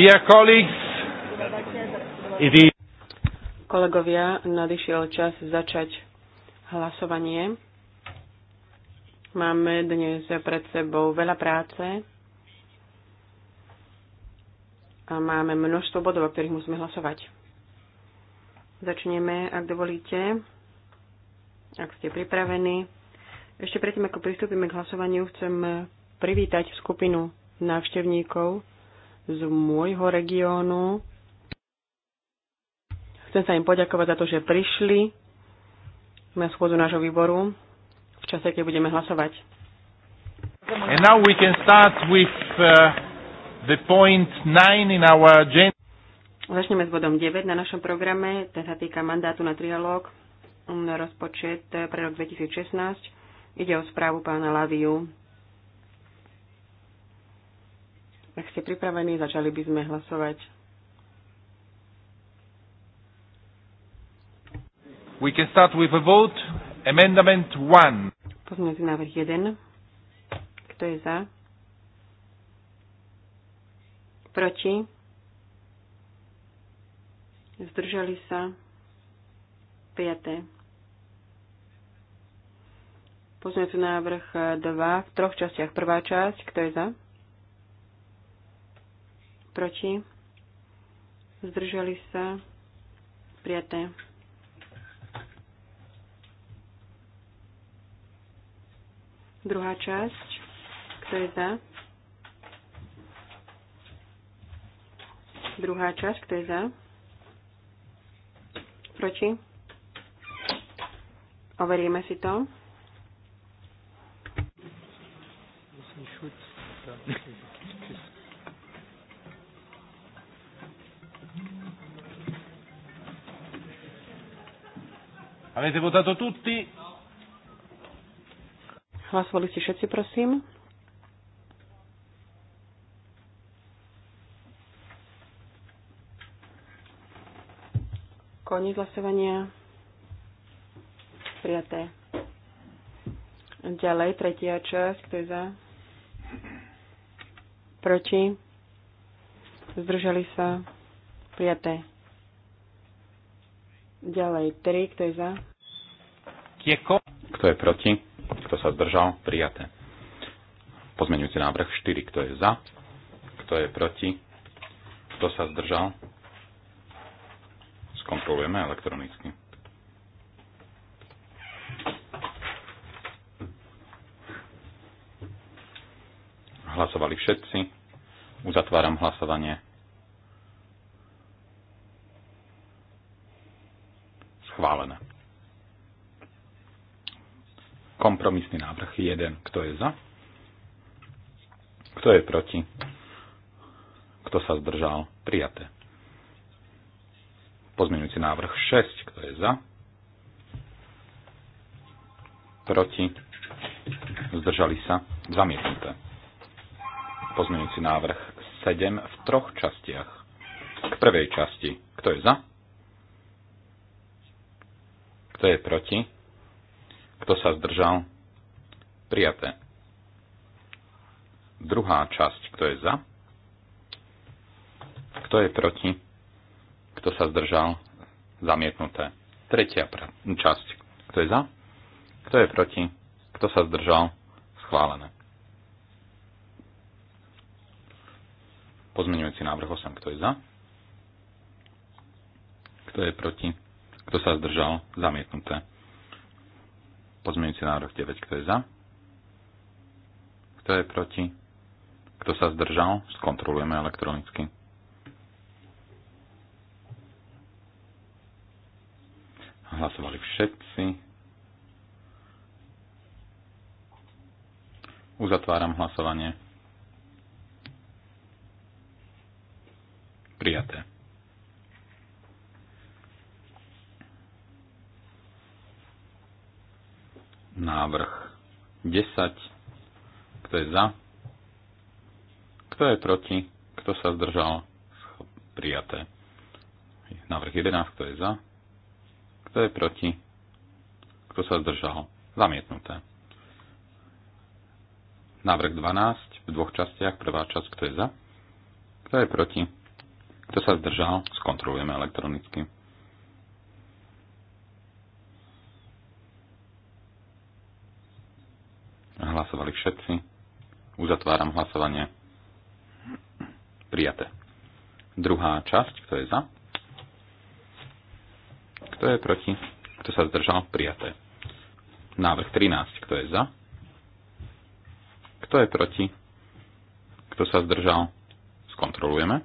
Dear colleagues, it is... Kolegovia, nadišiel čas začať hlasovanie. Máme dnes pred sebou veľa práce a máme množstvo bodov, o ktorých musíme hlasovať. Začneme, ak dovolíte, ak ste pripravení. Ešte predtým, ako pristúpime k hlasovaniu, chcem privítať skupinu návštevníkov z môjho regiónu. Chcem sa im poďakovať za to, že prišli na schôdzu nášho výboru v čase, keď budeme hlasovať. And now we can start with uh, the point in our agenda. Začneme s bodom 9 na našom programe, ten sa týka mandátu na trialóg rozpočet pre rok 2016. Ide o správu pána Laviu. Ak ste pripravení, začali by sme hlasovať. We can start with a vote. Amendment 1. Pozmeňujúci návrh 1. Kto je za? Proti? Zdržali sa? Prijaté. Pozmeňujúci návrh 2 v troch častiach. Prvá časť. Kto je za? proti, zdržali sa, prijaté. Druhá časť, kto je za? Druhá časť, kto je za? Proti? Overíme si to. Myslím, Avete votato tutti? Hlasovali ste všetci, prosím. Koniec hlasovania. Prijaté. Ďalej, tretia časť. Kto je za? Proti? Zdržali sa? Prijaté. Ďalej, tri. Kto je za? Kto je proti? Kto sa zdržal? Prijaté. Pozmeňujúci návrh 4. Kto je za? Kto je proti? Kto sa zdržal? Skontrolujeme elektronicky. Hlasovali všetci. Uzatváram hlasovanie. Schválené. Kompromisný návrh 1. Kto je za? Kto je proti? Kto sa zdržal? Prijaté. Pozmeňujúci návrh 6. Kto je za? Proti? Zdržali sa? Zamietnuté. Pozmeňujúci návrh 7 v troch častiach. K prvej časti. Kto je za? Kto je proti? Kto sa zdržal? Prijaté. Druhá časť. Kto je za? Kto je proti? Kto sa zdržal? Zamietnuté. Tretia časť. Kto je za? Kto je proti? Kto sa zdržal? Schválené. Pozmeňujúci návrh 8. Kto je za? Kto je proti? Kto sa zdržal? Zamietnuté. Pozmeňujúci návrh 9. Kto je za? Kto je proti? Kto sa zdržal? Skontrolujeme elektronicky. Hlasovali všetci. Uzatváram hlasovanie. Prijaté. Návrh 10. Kto je za? Kto je proti? Kto sa zdržal? Prijaté. Návrh 11. Kto je za? Kto je proti? Kto sa zdržal? Zamietnuté. Návrh 12 v dvoch častiach. Prvá časť, kto je za? Kto je proti? Kto sa zdržal? Skontrolujeme elektronicky. Hlasovali všetci. Uzatváram hlasovanie. Prijaté. Druhá časť, kto je za? Kto je proti? Kto sa zdržal? Prijaté. Návrh 13, kto je za? Kto je proti? Kto sa zdržal? Skontrolujeme.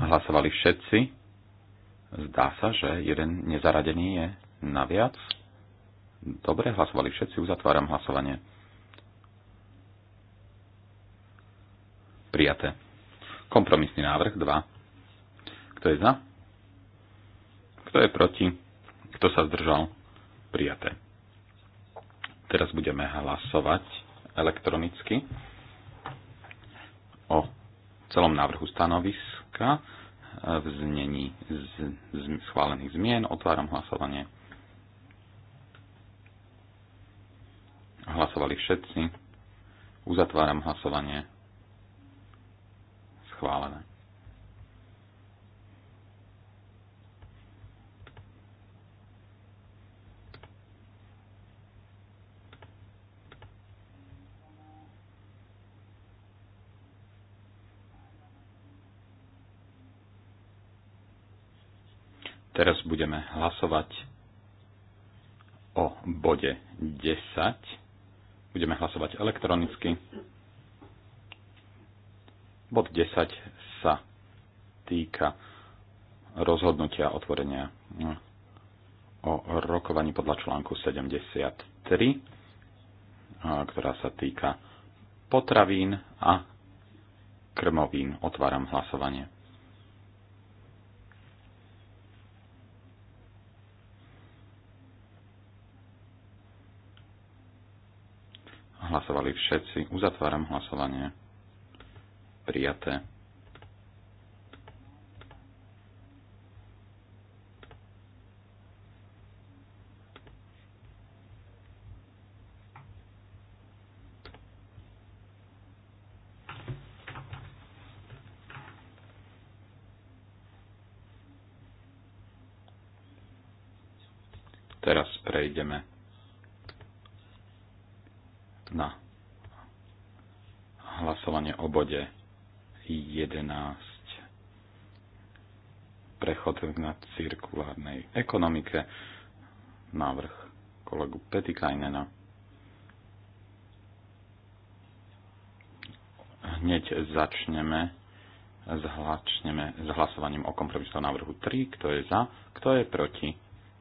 Hlasovali všetci. Zdá sa, že jeden nezaradený je naviac. Dobre, hlasovali všetci, uzatváram hlasovanie. Prijaté. Kompromisný návrh 2. Kto je za? Kto je proti? Kto sa zdržal? Prijaté. Teraz budeme hlasovať elektronicky o celom návrhu stanoviska v znení z, z schválených zmien. Otváram hlasovanie. Hlasovali všetci. Uzatváram hlasovanie. Schválené. Teraz budeme hlasovať o bode 10. Budeme hlasovať elektronicky. Bod 10 sa týka rozhodnutia otvorenia hm, o rokovaní podľa článku 73, ktorá sa týka potravín a krmovín. Otváram hlasovanie. Hlasovali všetci. Uzatváram hlasovanie. Prijaté. Teraz prejdeme Hlasovanie o bode 11. Prechod na cirkulárnej ekonomike. Návrh kolegu Petikajnena. Hneď začneme zhlačneme s hlasovaním o kompromisnom návrhu 3. Kto je za, kto je proti,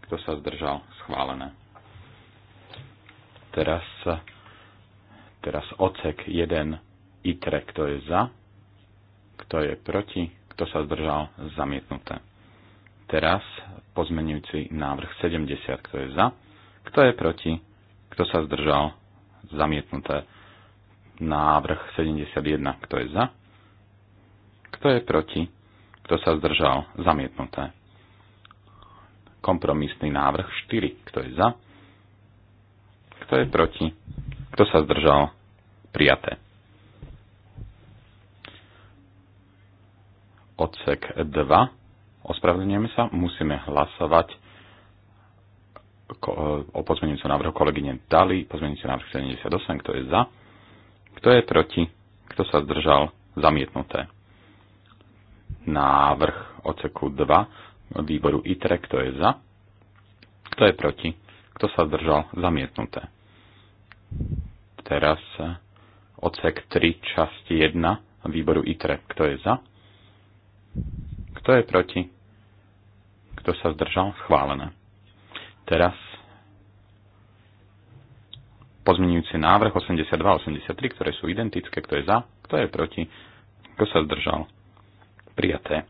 kto sa zdržal, schválené. Teraz sa Teraz ocek 1 ITRE, kto je za, kto je proti, kto sa zdržal, zamietnuté. Teraz pozmenujúci návrh 70, kto je za, kto je proti, kto sa zdržal, zamietnuté. Návrh 71, kto je za, kto je proti, kto sa zdržal, zamietnuté. Kompromisný návrh 4, kto je za, kto je proti, kto sa zdržal, Prijaté. Odsek 2. Ospravedlňujeme sa. Musíme hlasovať o pozmeňujúcom návrhu kolegyne Dali. Pozmeňujúci návrh 78. Kto je za? Kto je proti? Kto sa zdržal? Zamietnuté. Návrh odseku 2 výboru ITRE. Kto je za? Kto je proti? Kto sa zdržal? Zamietnuté. Teraz odsek 3, časť 1 výboru ITRE. Kto je za? Kto je proti? Kto sa zdržal? Schválené. Teraz pozmenujúci návrh 82-83, ktoré sú identické. Kto je za? Kto je proti? Kto sa zdržal? Prijaté.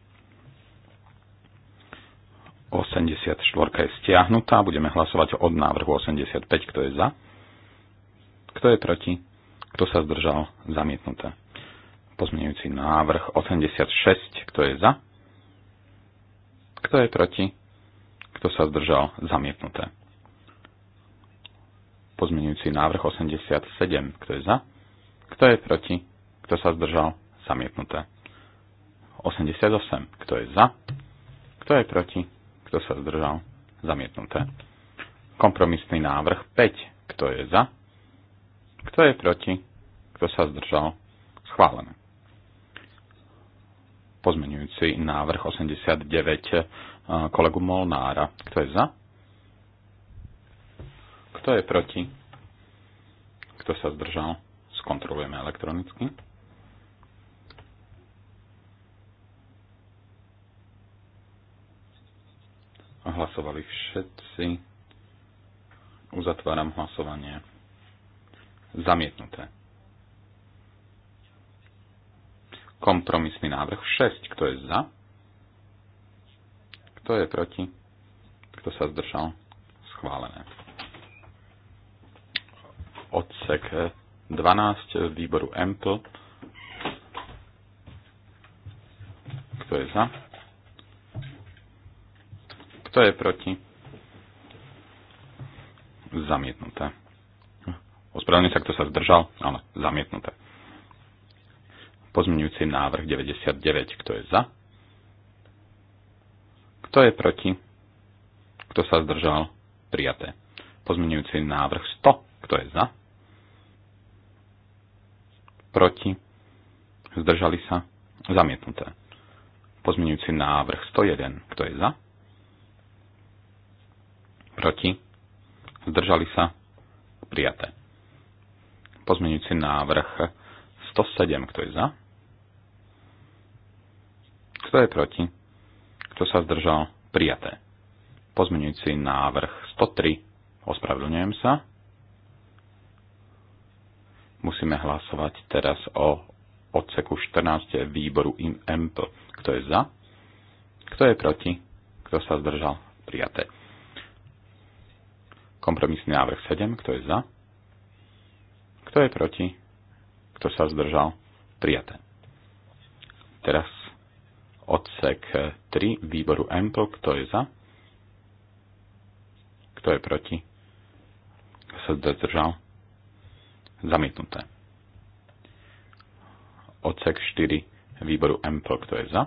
84 je stiahnutá. Budeme hlasovať od návrhu 85. Kto je za? Kto je proti? Kto sa zdržal? Zamietnuté. Pozmenujúci návrh 86. Kto je za? Kto je proti? Kto sa zdržal? Zamietnuté. Pozmenujúci návrh 87. Kto je za? Kto je proti? Kto sa zdržal? Zamietnuté. 88. Kto je za? Kto je proti? Kto sa zdržal? Zamietnuté. Kompromisný návrh 5. Kto je za? Kto je proti? Kto sa zdržal? Schválené. Pozmenujúci návrh 89 eh, kolegu Molnára. Kto je za? Kto je proti? Kto sa zdržal? Skontrolujeme elektronicky. Hlasovali všetci. Uzatváram hlasovanie. Zamietnuté. Kompromisný návrh 6. Kto je za? Kto je proti? Kto sa zdržal? Schválené. Odsek 12 z výboru EMPL. Kto je za? Kto je proti? Zamietnuté. Ospravedlňujem sa, kto sa zdržal, Áno, zamietnuté. Pozmeňujúci návrh 99. Kto je za? Kto je proti? Kto sa zdržal? Prijaté. Pozmeňujúci návrh 100. Kto je za? Proti? Zdržali sa? Zamietnuté. Pozmeňujúci návrh 101. Kto je za? Proti? Zdržali sa? Prijaté. Pozmeňujúci návrh 107. Kto je za? Kto je proti? Kto sa zdržal? Prijaté. Pozmeňujúci návrh 103. Ospravedlňujem sa. Musíme hlasovať teraz o odseku 14 výboru im Kto je za? Kto je proti? Kto sa zdržal? Prijaté. Kompromisný návrh 7. Kto je za? Kto je proti? Kto sa zdržal? Prijaté. Teraz odsek 3 výboru EMPL. Kto je za? Kto je proti? Kto sa zdržal? Zamietnuté. Odsek 4 výboru EMPL. Kto je za?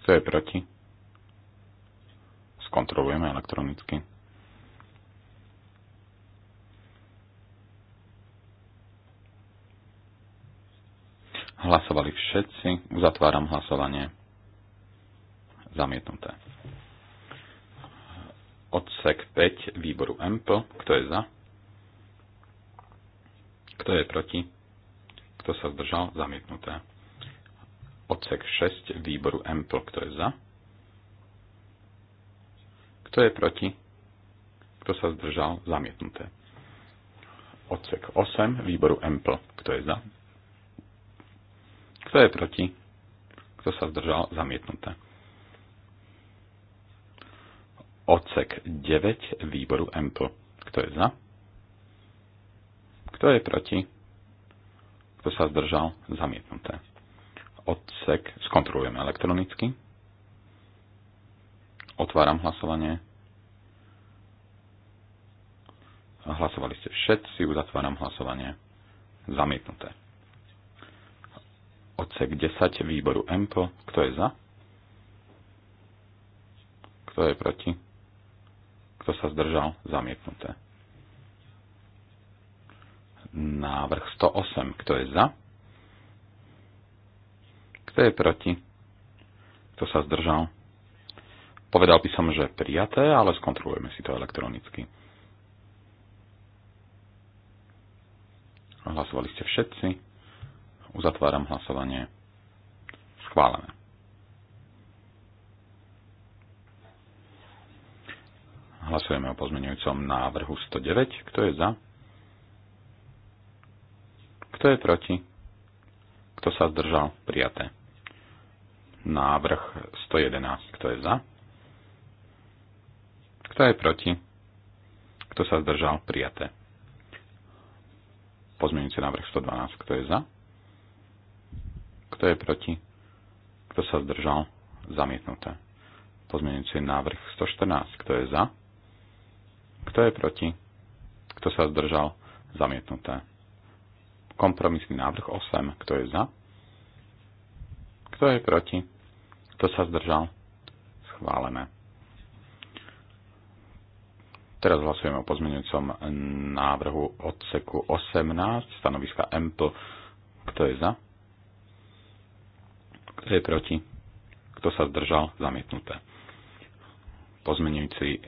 Kto je proti? Skontrolujeme elektronicky. Hlasovali všetci. Uzatváram hlasovanie. Zamietnuté. Odsek 5 výboru MP. Kto je za? Kto je proti? Kto sa zdržal? Zamietnuté. Odsek 6 výboru MP. Kto je za? Kto je proti? Kto sa zdržal? Zamietnuté. Odsek 8 výboru MP. Kto je za? Kto je proti? Kto sa zdržal? Zamietnuté. Odsek 9 výboru MP. Kto je za? Kto je proti? Kto sa zdržal? Zamietnuté. Odsek skontrolujeme elektronicky. Otváram hlasovanie. Hlasovali ste všetci, uzatváram hlasovanie. Zamietnuté odsek 10 výboru EMPO. Kto je za? Kto je proti? Kto sa zdržal? Zamietnuté. Návrh 108. Kto je za? Kto je proti? Kto sa zdržal? Povedal by som, že prijaté, ale skontrolujeme si to elektronicky. Hlasovali ste všetci. Uzatváram hlasovanie. Schválené. Hlasujeme o pozmenujúcom návrhu 109. Kto je za? Kto je proti? Kto sa zdržal? Prijaté. Návrh 111. Kto je za? Kto je proti? Kto sa zdržal? Prijaté. Pozmenujúci návrh 112. Kto je za? Kto je proti? Kto sa zdržal? Zamietnuté. Pozmeňujúci návrh 114. Kto je za? Kto je proti? Kto sa zdržal? Zamietnuté. Kompromisný návrh 8. Kto je za? Kto je proti? Kto sa zdržal? Schválené. Teraz hlasujeme o pozmeňujúcom návrhu odseku 18, stanoviska MPL. Kto je za? Kto je proti? Kto sa zdržal? Zamietnuté. Pozmenujúci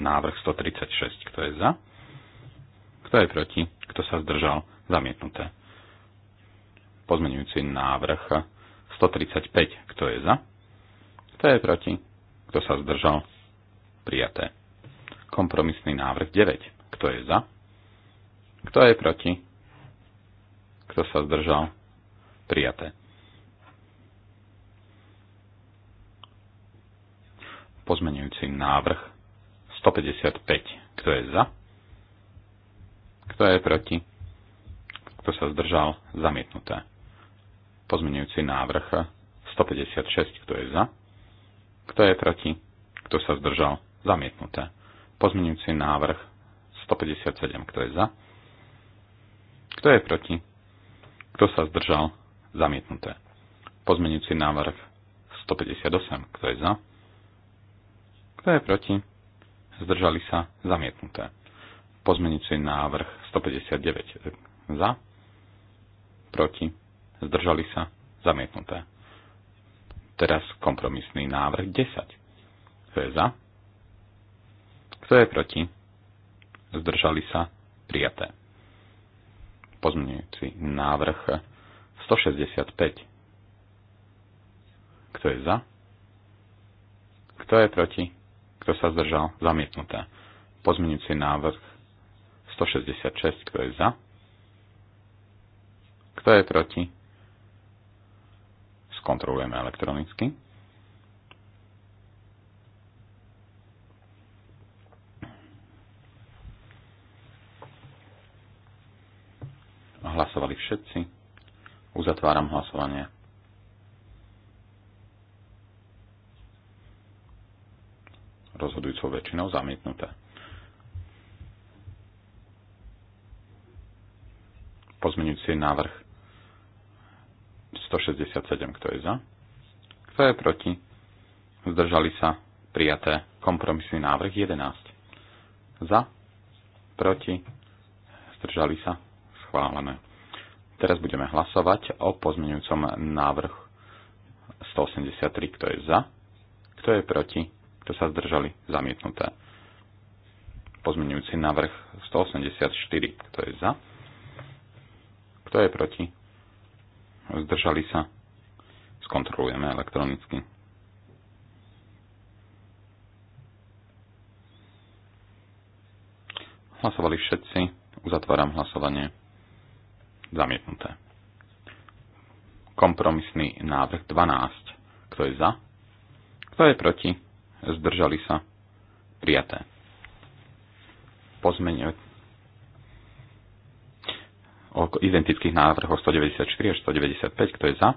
návrh 136. Kto je za? Kto je proti? Kto sa zdržal? Zamietnuté. Pozmenujúci návrh 135. Kto je za? Kto je proti? Kto sa zdržal? Prijaté. Kompromisný návrh 9. Kto je za? Kto je proti? Kto sa zdržal? Prijaté. Pozmenujúci návrh 155. Kto je za? Kto je proti? Kto sa zdržal? Zamietnuté. Pozmenujúci návrh 156. Kto je za? Kto je proti? Kto sa zdržal? Zamietnuté. Pozmenujúci návrh 157. Kto je za? Kto je proti? Kto sa zdržal? Zamietnuté. Pozmenujúci návrh 158. Kto je za? Kto je proti? Zdržali sa zamietnuté. Pozmenujúci návrh 159 za, proti, zdržali sa zamietnuté. Teraz kompromisný návrh 10. Kto je za? Kto je proti? Zdržali sa prijaté. Pozmenujúci návrh 165 kto je za? Kto je proti? Kto sa zdržal? Zamietnuté. Pozmeňujúci návrh 166. Kto je za? Kto je proti? Skontrolujeme elektronicky. Hlasovali všetci. Uzatváram hlasovanie. rozhodujúcou väčšinou zamietnuté. Pozmeňujúci návrh 167, kto je za? Kto je proti? Zdržali sa prijaté kompromisný návrh 11. Za? Proti? Zdržali sa? Schválené. Teraz budeme hlasovať o pozmeňujúcom návrhu 183, kto je za, kto je proti, kto sa zdržali, zamietnuté. Pozmenujúci návrh 184, kto je za, kto je proti, zdržali sa, skontrolujeme elektronicky. Hlasovali všetci, uzatváram hlasovanie, zamietnuté. Kompromisný návrh 12, kto je za, kto je proti? zdržali sa, prijaté. Pozmeň o identických návrhoch 194 až 195, kto je za,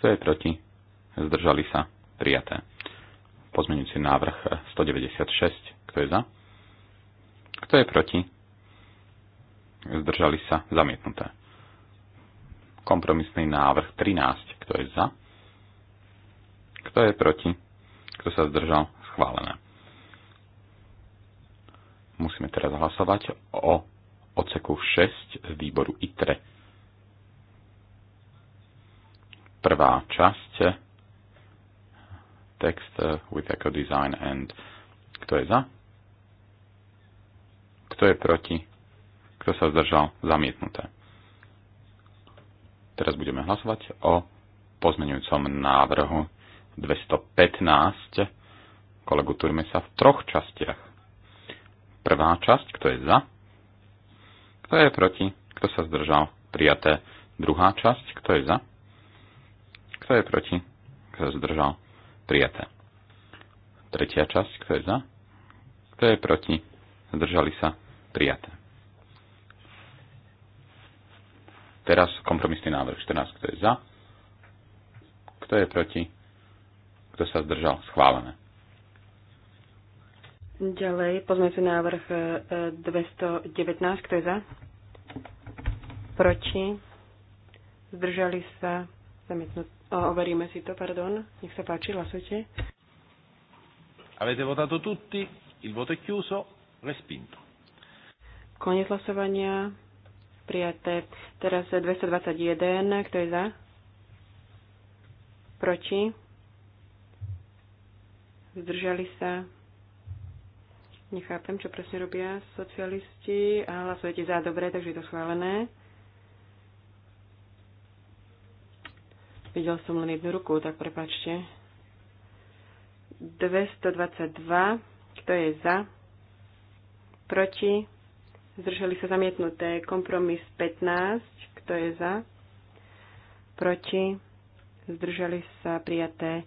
kto je proti, zdržali sa, prijaté. Pozmeňujúci návrh 196, kto je za, kto je proti, zdržali sa, zamietnuté. Kompromisný návrh 13, kto je za, kto je proti? Kto sa zdržal? schválené. Musíme teraz hlasovať o odseku 6 z výboru ITRE. Prvá časť text with eco design and kto je za? Kto je proti? Kto sa zdržal? Zamietnuté. Teraz budeme hlasovať o pozmeňujúcom návrhu 215 kolegu Turmesa v troch častiach. Prvá časť, kto je za, kto je proti, kto sa zdržal, prijaté. Druhá časť, kto je za, kto je proti, kto sa zdržal, prijaté. Tretia časť, kto je za, kto je proti, zdržali sa, prijaté. Teraz kompromisný návrh 14, kto je za, kto je proti, kto sa zdržal, schválené. Ďalej, pozmeňujúci návrh 219, e, kto je za? Proti? Zdržali sa? Zamietnú... O, overíme si to, pardon. Nech sa páči, hlasujte. Avete votato tutti, il voto è chiuso, respinto. Koniec hlasovania, prijaté. Teraz 221, kto je za? Proti? Zdržali sa? Nechápem, čo presne robia socialisti. A hlasujete za dobre, takže je to schválené. Videl som len jednu ruku, tak prepačte. 222. Kto je za? Proti? Zdržali sa zamietnuté. Kompromis 15. Kto je za? Proti? Zdržali sa prijaté.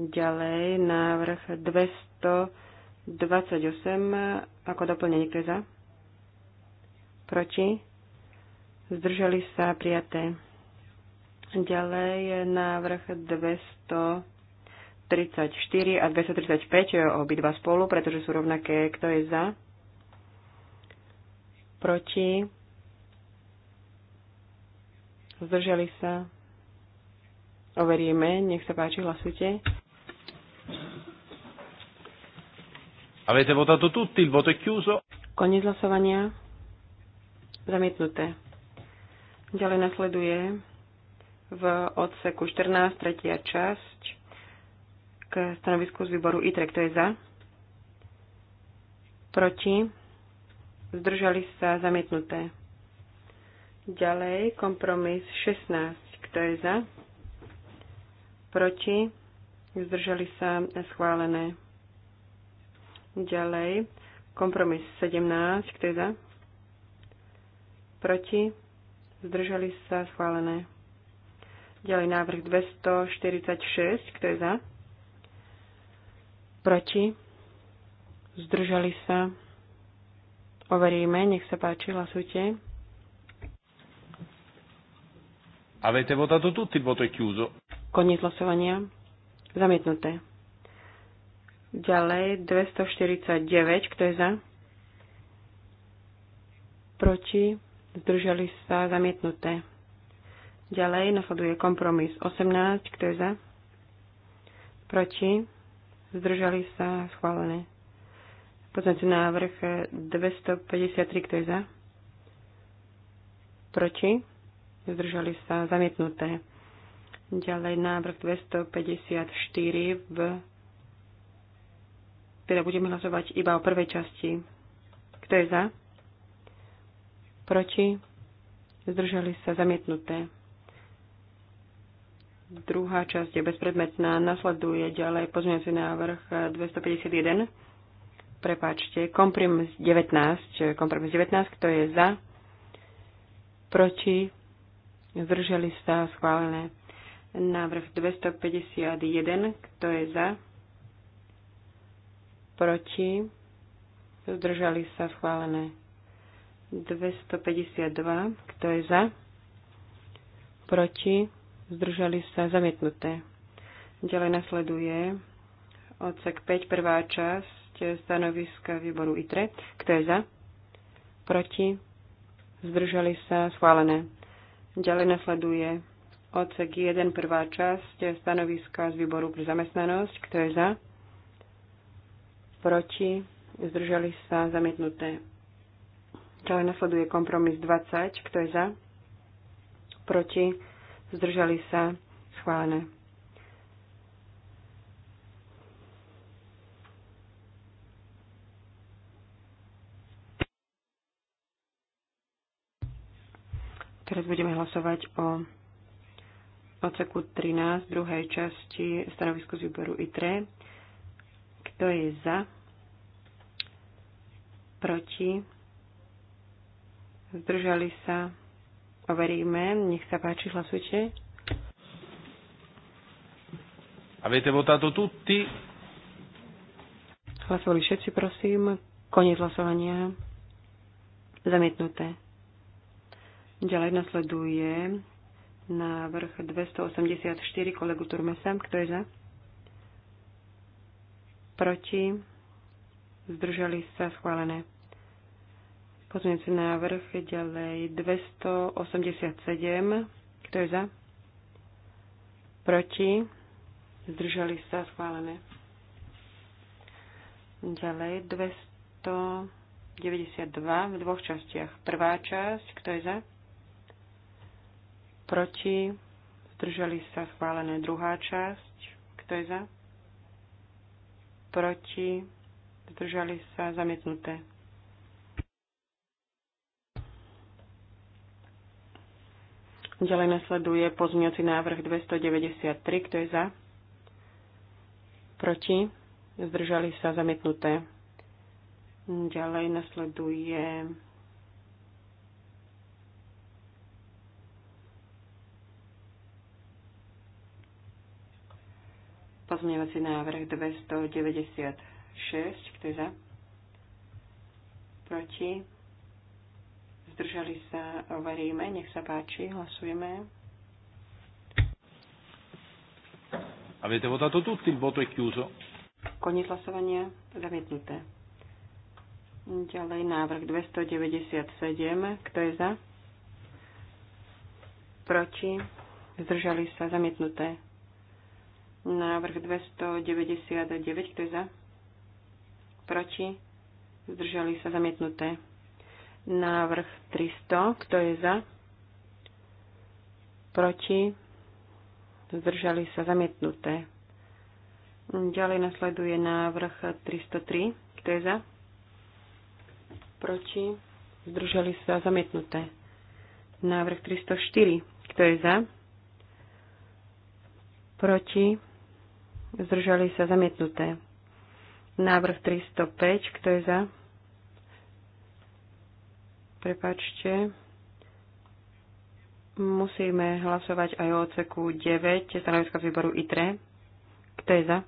Ďalej návrh 200. 28 ako doplnenie, kto je za? Proti? Zdržali sa prijaté. Ďalej je návrh 234 a 235, e, obidva spolu, pretože sú rovnaké. Kto je za? Proti? Zdržali sa? Overíme. Nech sa páči, hlasujte. Avete votato tutti, il voto è chiuso. Koniec hlasovania. Zamietnuté. Ďalej nasleduje v odseku 14, tretia časť k stanovisku z výboru ITRE. Kto je za? Proti? Zdržali sa zamietnuté. Ďalej kompromis 16. Kto je za? Proti? Zdržali sa schválené. Ďalej, kompromis 17, kto je za? Proti? Zdržali sa schválené. Ďalej návrh 246, kto je za? Proti? Zdržali sa? Overíme, nech sa páči, hlasujte. Avete votato tutti, il voto è chiuso. Koniec hlasovania. Zamietnuté. Ďalej 249, kto je za? Proti? Zdržali sa zamietnuté. Ďalej nasleduje kompromis 18, kto je za? Proti? Zdržali sa schválené. Poznací návrh 253, kto je za? Proti? Zdržali sa zamietnuté. Ďalej návrh 254 v teda budeme hlasovať iba o prvej časti. Kto je za? Proti? Zdržali sa zamietnuté. Druhá časť je bezpredmetná. Nasleduje ďalej pozmeňací návrh 251. Prepáčte. Kompromis 19. Kompromis 19. Kto je za? Proti? Zdržali sa schválené. Návrh 251. Kto je za? proti, zdržali sa schválené 252, kto je za, proti, zdržali sa zamietnuté. Ďalej nasleduje odsek 5, prvá časť stanoviska výboru ITRE, kto je za, proti, zdržali sa schválené. Ďalej nasleduje odsek 1, prvá časť stanoviska z výboru pre zamestnanosť, kto je za, proti, zdržali sa zamietnuté. Ďalej nasleduje kompromis 20, kto je za, proti, zdržali sa schválené. Teraz budeme hlasovať o odseku 13, druhej časti stanovisku z výboru ITRE. Kto je za? proti, zdržali sa, overíme, nech sa páči, hlasujte. Avete votato tutti? Hlasovali všetci, prosím. Koniec hlasovania. Zamietnuté. Ďalej nasleduje návrh 284 kolegu Turmesa. Kto je za? Proti? Zdržali sa schválené. Pozmeňujúci návrh je ďalej 287. Kto je za? Proti? Zdržali sa schválené. Ďalej 292 v dvoch častiach. Prvá časť, kto je za? Proti? Zdržali sa schválené. Druhá časť, kto je za? Proti? Zdržali sa zamietnuté. Ďalej nasleduje pozmňujúci návrh 293. Kto je za? Proti? Zdržali sa zamietnuté. Ďalej nasleduje pozmeňovací návrh 296. Kto je za? Proti? zdržali sa, overíme, nech sa páči, hlasujeme. vota votato tutti, il voto je chiuso. Koniec hlasovania, zamietnuté. Ďalej návrh 297, kto je za? Proti, zdržali sa, zamietnuté. Návrh 299, kto je za? Proti, zdržali sa, zamietnuté. Návrh 300. Kto je za? Proti? Zdržali sa zamietnuté. Ďalej nasleduje návrh 303. Kto je za? Proti? Zdržali sa zamietnuté. Návrh 304. Kto je za? Proti? Zdržali sa zamietnuté. Návrh 305. Kto je za? Prepačte. Musíme hlasovať aj o odseku 9 stanoviska výboru ITRE. Kto je za?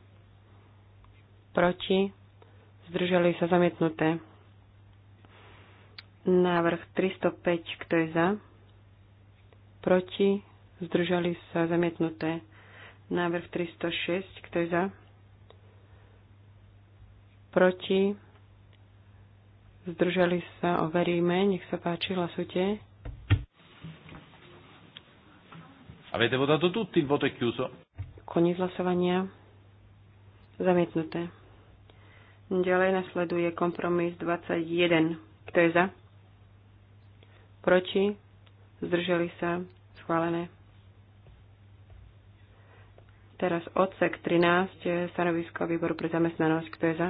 Proti? Zdržali sa zamietnuté. Návrh 305. Kto je za? Proti? Zdržali sa zamietnuté. Návrh 306. Kto je za? Proti? zdržali sa, overíme, nech sa páči, hlasujte. Avete votato tutti, il voto è chiuso. Koniec hlasovania. Zamietnuté. Ďalej nasleduje kompromis 21. Kto je za? Proti? Zdržali sa? Schválené. Teraz odsek 13, stanovisko výboru pre zamestnanosť. Kto je za?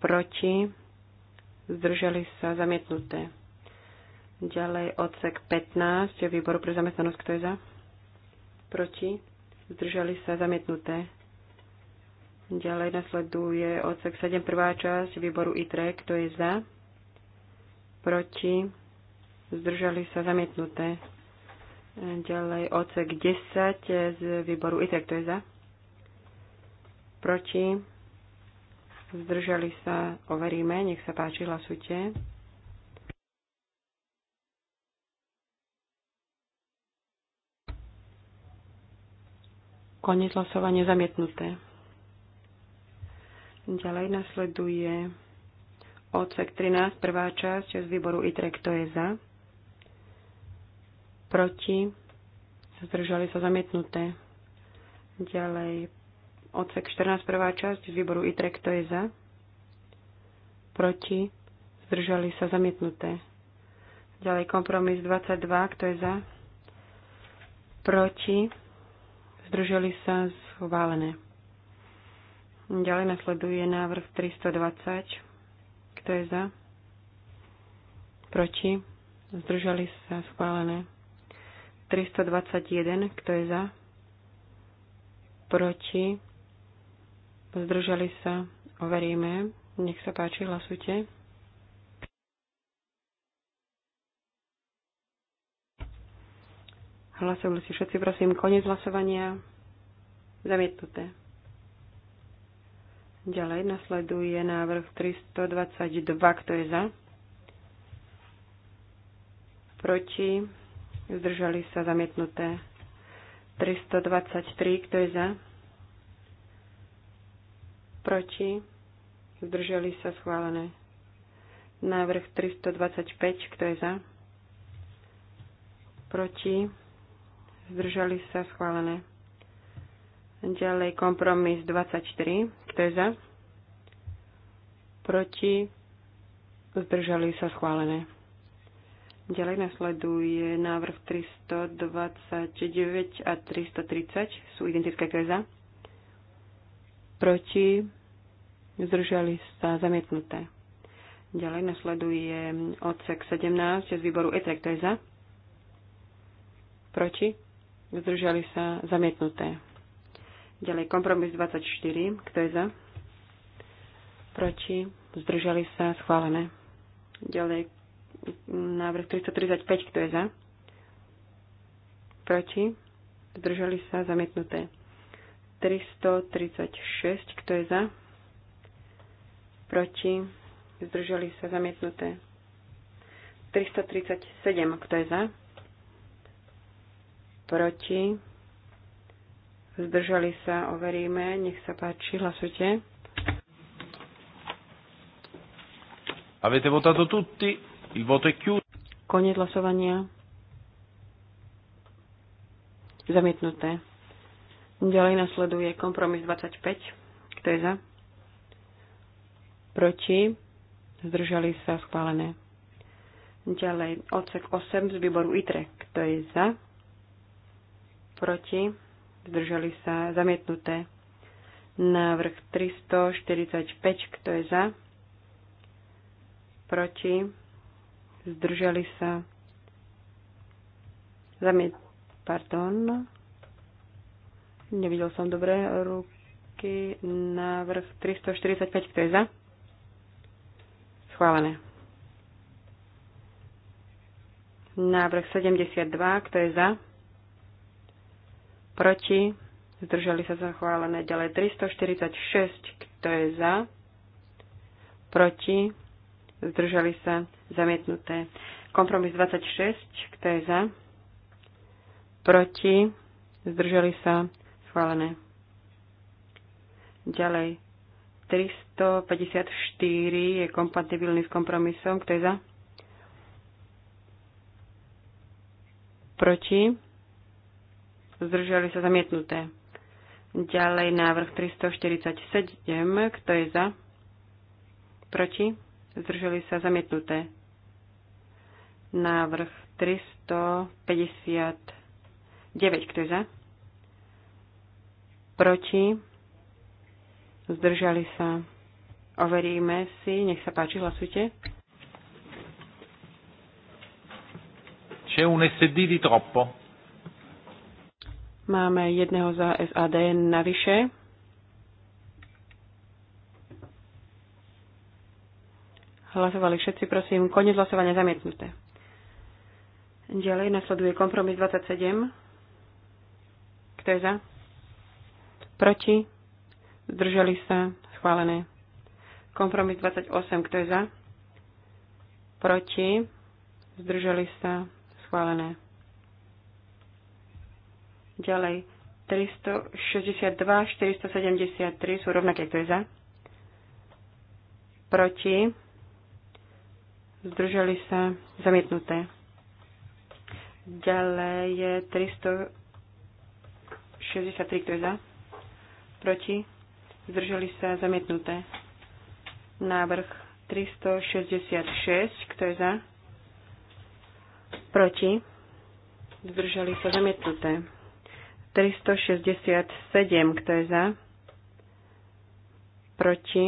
Proti? zdržali sa zamietnuté. Ďalej odsek 15, výboru pre zamestnanosť, kto je za? Proti? Zdržali sa zamietnuté. Ďalej nasleduje odsek 7, prvá časť výboru ITRE, kto je za? Proti? Zdržali sa zamietnuté. Ďalej odsek 10 z výboru ITRE, kto je za? Proti? zdržali sa, overíme, nech sa páči, hlasujte. Konec hlasovania zamietnuté. Ďalej nasleduje odsek 13, prvá časť z výboru ITRE, kto je za, proti, zdržali sa zamietnuté. Ďalej Odsek 14, prvá časť z výboru ITRE, kto je za? Proti? Zdržali sa zamietnuté. Ďalej kompromis 22, kto je za? Proti? Zdržali sa schválené. Ďalej nasleduje návrh 320. Kto je za? Proti? Zdržali sa schválené. 321. Kto je za? Proti? zdržali sa, overíme. Nech sa páči, hlasujte. Hlasovali si všetci, prosím, koniec hlasovania. Zamietnuté. Ďalej nasleduje návrh 322, kto je za. Proti. Zdržali sa zamietnuté. 323, kto je za proti, zdržali sa schválené. Návrh 325, kto je za, proti, zdržali sa schválené. Ďalej kompromis 24. kto je za, proti, zdržali sa schválené. Ďalej nasleduje návrh 329 a 330, sú identické, kto je za, proti, zdržali sa zamietnuté. Ďalej nasleduje odsek 17 z výboru ETREK, to je za, proti, zdržali sa zamietnuté. Ďalej kompromis 24, kto je za, proti, zdržali sa schválené. Ďalej návrh 335, kto je za, proti, zdržali sa zamietnuté. 336, kto je za? Proti? Zdržali sa zamietnuté. 337, kto je za? Proti? Zdržali sa, overíme. Nech sa páči, hlasujte. Avete votato tutti? Il voto è chiuso. Koniec hlasovania. Zamietnuté. Ďalej nasleduje kompromis 25. Kto je za? Proti? Zdržali sa schválené. Ďalej odsek 8 z výboru ITRE. Kto je za? Proti? Zdržali sa zamietnuté. Návrh 345. Kto je za? Proti? Zdržali sa zamiet... Pardon. Nevidel som dobre ruky. Návrh 345, kto je za? Schválené. Návrh 72, kto je za? Proti? Zdržali sa zachválené. Ďalej 346, kto je za? Proti? Zdržali sa zamietnuté. Kompromis 26, kto je za? Proti? Zdržali sa Schválené. Ďalej. 354 je kompatibilný s kompromisom. Kto je za? Proti? Zdržali sa zamietnuté. Ďalej návrh 347. Kto je za? Proti? Zdržali sa zamietnuté. Návrh 359. Kto je za? proti, zdržali sa. Overíme si, nech sa páči, hlasujte. C'è un SD di troppo. Máme jedného za SAD navyše. Hlasovali všetci, prosím. Konec hlasovania zamietnuté. Ďalej nasleduje kompromis 27. Kto je za? Proti? Zdržali sa? Schválené. Kompromis 28. Kto je za? Proti? Zdržali sa? Schválené. Ďalej. 362, 473 sú rovnaké. Kto je za? Proti? Zdržali sa? Zamietnuté. Ďalej je 363, kto je za? proti, zdrželi sa zamietnuté. Návrh 366, kto je za, proti, zdrželi sa zamietnuté. 367, kto je za, proti,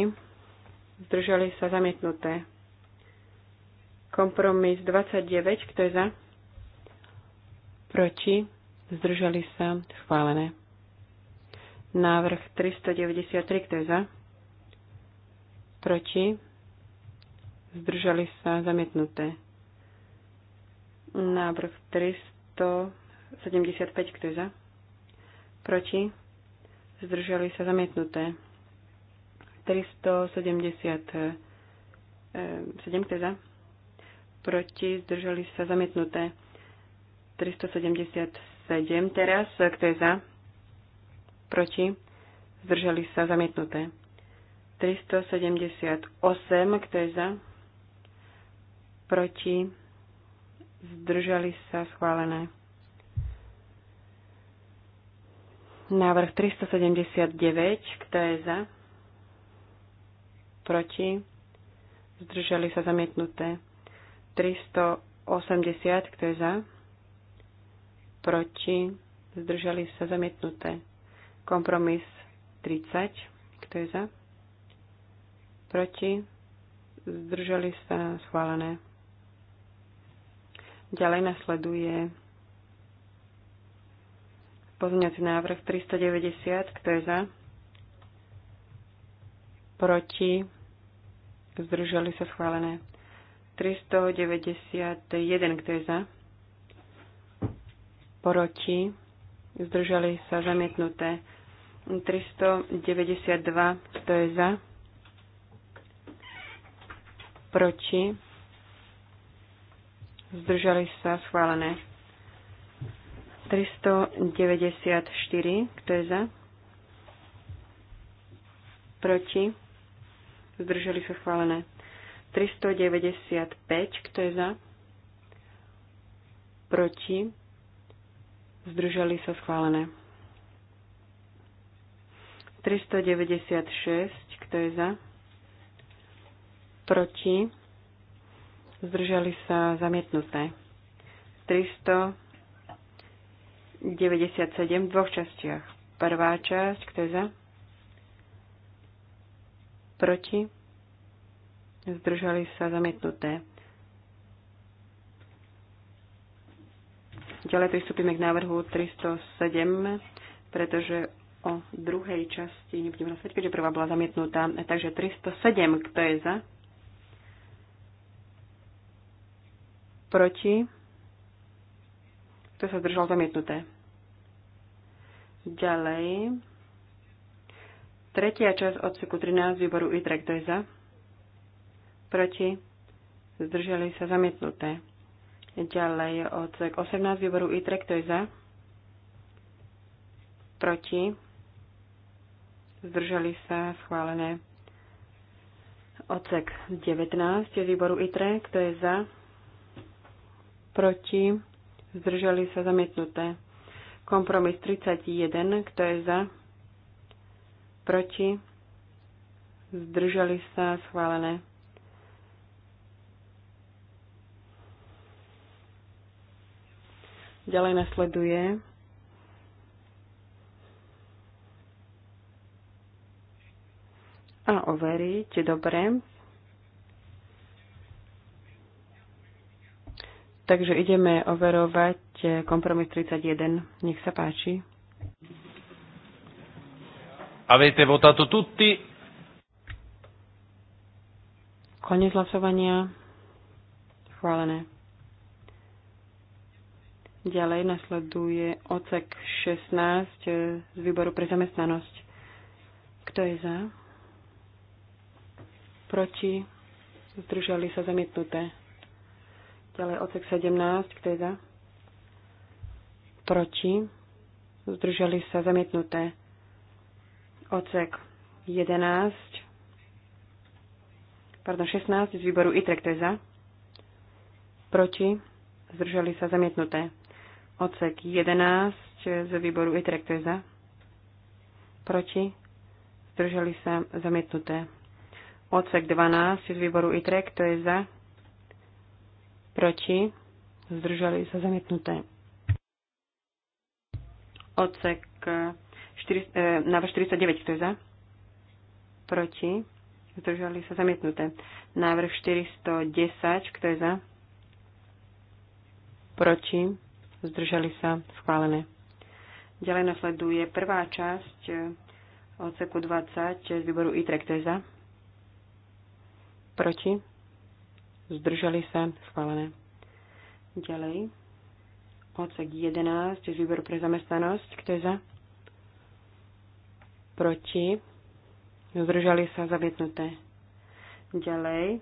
zdrželi sa zamietnuté. Kompromis 29, kto je za? Proti? Zdržali sa? Schválené. Návrh 393, kto je za? Proti? Zdržali sa zamietnuté. Návrh 375, kto je za? Proti? Zdržali sa zamietnuté. 377, kto je za? Proti? Zdržali sa zamietnuté. 377, teraz, kto je za? proti, zdržali sa zamietnuté. 378, kto je za, proti, zdržali sa schválené. Návrh 379, kto je za, proti, zdržali sa zamietnuté. 380, kto je za, proti, zdržali sa zamietnuté. Kompromis 30. Kto je za? Proti? Zdržali sa schválené. Ďalej nasleduje pozňací návrh 390. Kto je za? Proti? Zdržali sa schválené. 391. Kto je za? Proti? zdržali sa zamietnuté. 392, to je za, proti, zdržali sa schválené. 394, kto je za, proti, zdržali sa schválené. 395, kto je za, proti, zdržali sa schválené. 396, kto je za? Proti, zdržali sa zamietnuté. 397 v dvoch častiach. Prvá časť, kto je za? Proti, zdržali sa zamietnuté. Ďalej pristúpime k návrhu 307, pretože o druhej časti nebudem hlasovať, keďže prvá bola zamietnutá. Takže 307, kto je za? Proti? Kto sa zdržal zamietnuté? Ďalej. Tretia časť odseku 13 výboru ITRE, kto je za? Proti? Zdržali sa zamietnuté. Ďalej odsek 18 výboru ITRE, kto je za? Proti? Zdržali sa schválené. Odsek 19 výboru ITRE, kto je za? Proti? Zdržali sa zamietnuté. Kompromis 31, kto je za? Proti? Zdržali sa schválené Ďalej nasleduje a overiť, dobre. Takže ideme overovať kompromis 31. Nech sa páči. Avete votato tutti? Konec hlasovania. Chválené. Ďalej nasleduje ocek 16 e, z výboru pre zamestnanosť. Kto je za? Proti? Zdržali sa zamietnuté. Ďalej ocek 17. Kto je za? Proti? Zdržali sa zamietnuté. Ocek 11. Pardon, 16 z výboru ITRE. Kto je za? Proti? Zdržali sa zamietnuté. Ocek 11 z výboru Itrek kto je za? Proti? Zdržali sa zamietnuté. Ocek 12 z výboru ITREK, kto je za? Proti? Zdržali sa zamietnuté. Ocek 4, e, návrh 49, kto je za? Proti? Zdržali sa zamietnuté. Návrh 410, kto je za? Proti? zdržali sa, schválené. Ďalej nasleduje prvá časť e, odseku 20 e, z výboru ITREK, to je za, proti, zdržali sa, schválené. Ďalej, odsek 11 z výboru pre zamestnanosť, kto je za, proti, zdržali sa, zamietnuté. Ďalej,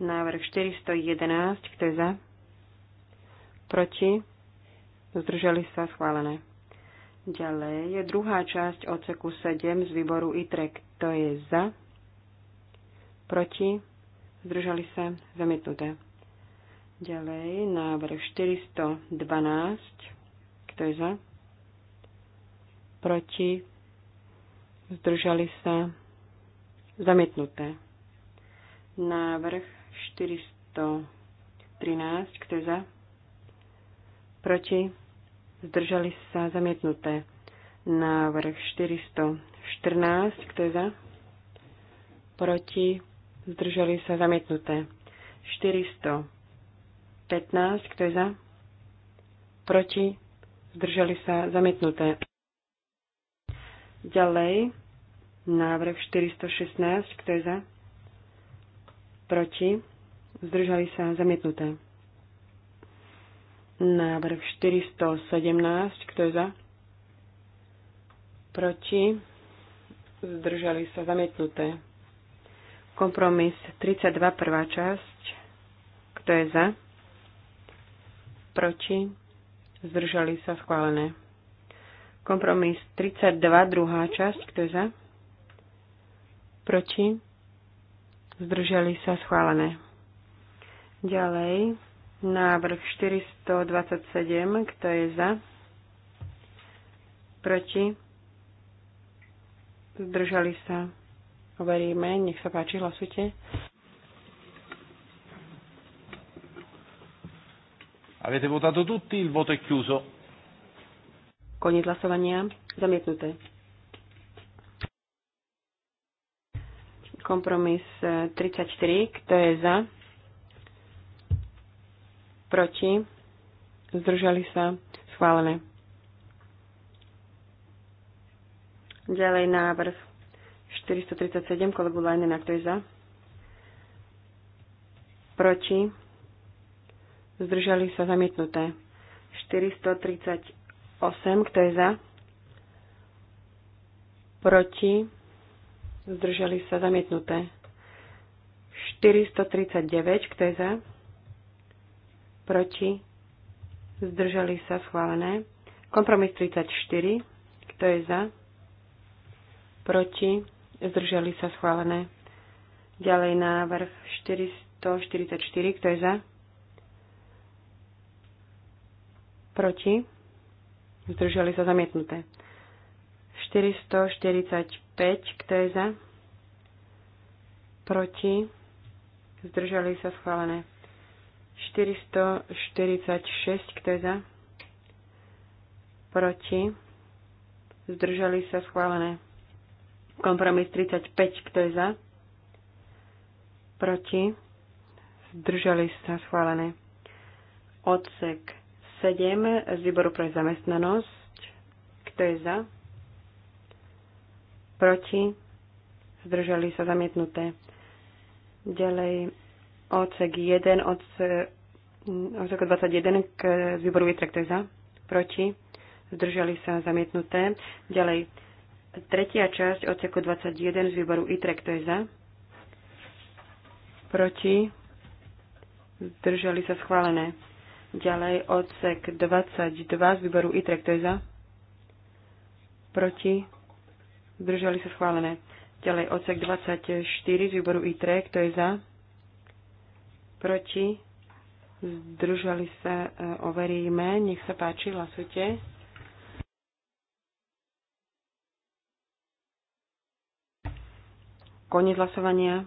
návrh 411, kto je za, proti, zdržali sa schválené. Ďalej je druhá časť odseku 7 z výboru ITREK, Kto je za? Proti? Zdržali sa? Zamietnuté. Ďalej návrh 412. Kto je za? Proti? Zdržali sa? Zamietnuté. Návrh 413. Kto je za? Proti? zdržali sa zamietnuté. Návrh 414, kto je za? Proti, zdržali sa zamietnuté. 415, kto je za? Proti, zdržali sa zamietnuté. Ďalej, návrh 416, kto je za? Proti, zdržali sa zamietnuté. Návrh 417, kto je za? Proti? Zdržali sa zamietnuté. Kompromis 32, prvá časť. Kto je za? Proti? Zdržali sa schválené. Kompromis 32, druhá časť. Kto je za? Proti? Zdržali sa schválené. Ďalej. Návrh 427, kto je za? Proti? Zdržali sa. Overíme, nech sa páči, hlasujte. Avete votato tutti, il voto è chiuso. Koniec hlasovania. Zamietnuté. Kompromis 34, eh, kto je za? proti, zdržali sa, schválené. Ďalej návrh 437, kolegu Lajne kto je za? Proti, zdržali sa, zamietnuté. 438, kto je za? Proti, zdržali sa, zamietnuté. 439, kto je za? proti, zdržali sa schválené. Kompromis 34, kto je za, proti, zdržali sa schválené. Ďalej návrh 444, kto je za, proti, zdržali sa zamietnuté. 445, kto je za, proti, zdržali sa schválené. 446, kto je za? Proti? Zdržali sa schválené. Kompromis 35, kto je za? Proti? Zdržali sa schválené. Odsek 7 z výboru pre zamestnanosť. Kto je za? Proti? Zdržali sa zamietnuté. Ďalej odsek 1, odsek roku 21 k výboru Vitrek, to je za, proti, zdržali sa zamietnuté. Ďalej, tretia časť odseku 21 z výboru ITREK, to je za, proti, zdržali sa schválené. Ďalej, odsek 22 z výboru ITREK, to je za, proti, zdržali sa schválené. Ďalej, odsek 24 z výboru ITREK, to je za, proti, zdržali sa, e, overíme. Nech sa páči, hlasujte. Koniec hlasovania.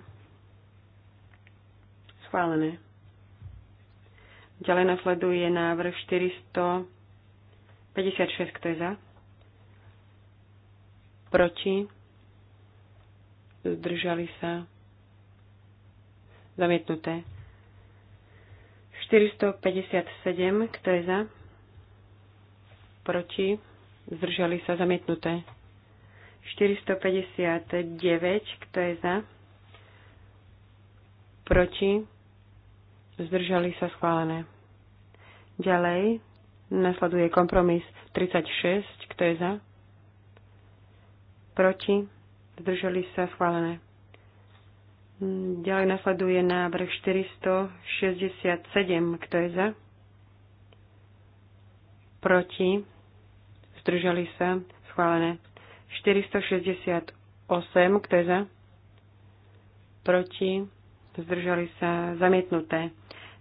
Schválené. Ďalej nasleduje návrh 456, kto je za? Proti? Zdržali sa? Zamietnuté. 457, kto je za? Proti? Zdržali sa zamietnuté. 459, kto je za? Proti? Zdržali sa schválené. Ďalej nasleduje kompromis 36, kto je za? Proti? Zdržali sa schválené. Ďalej nasleduje návrh 467. Kto je za? Proti? Zdržali sa? Schválené. 468. Kto je za? Proti? Zdržali sa? Zamietnuté.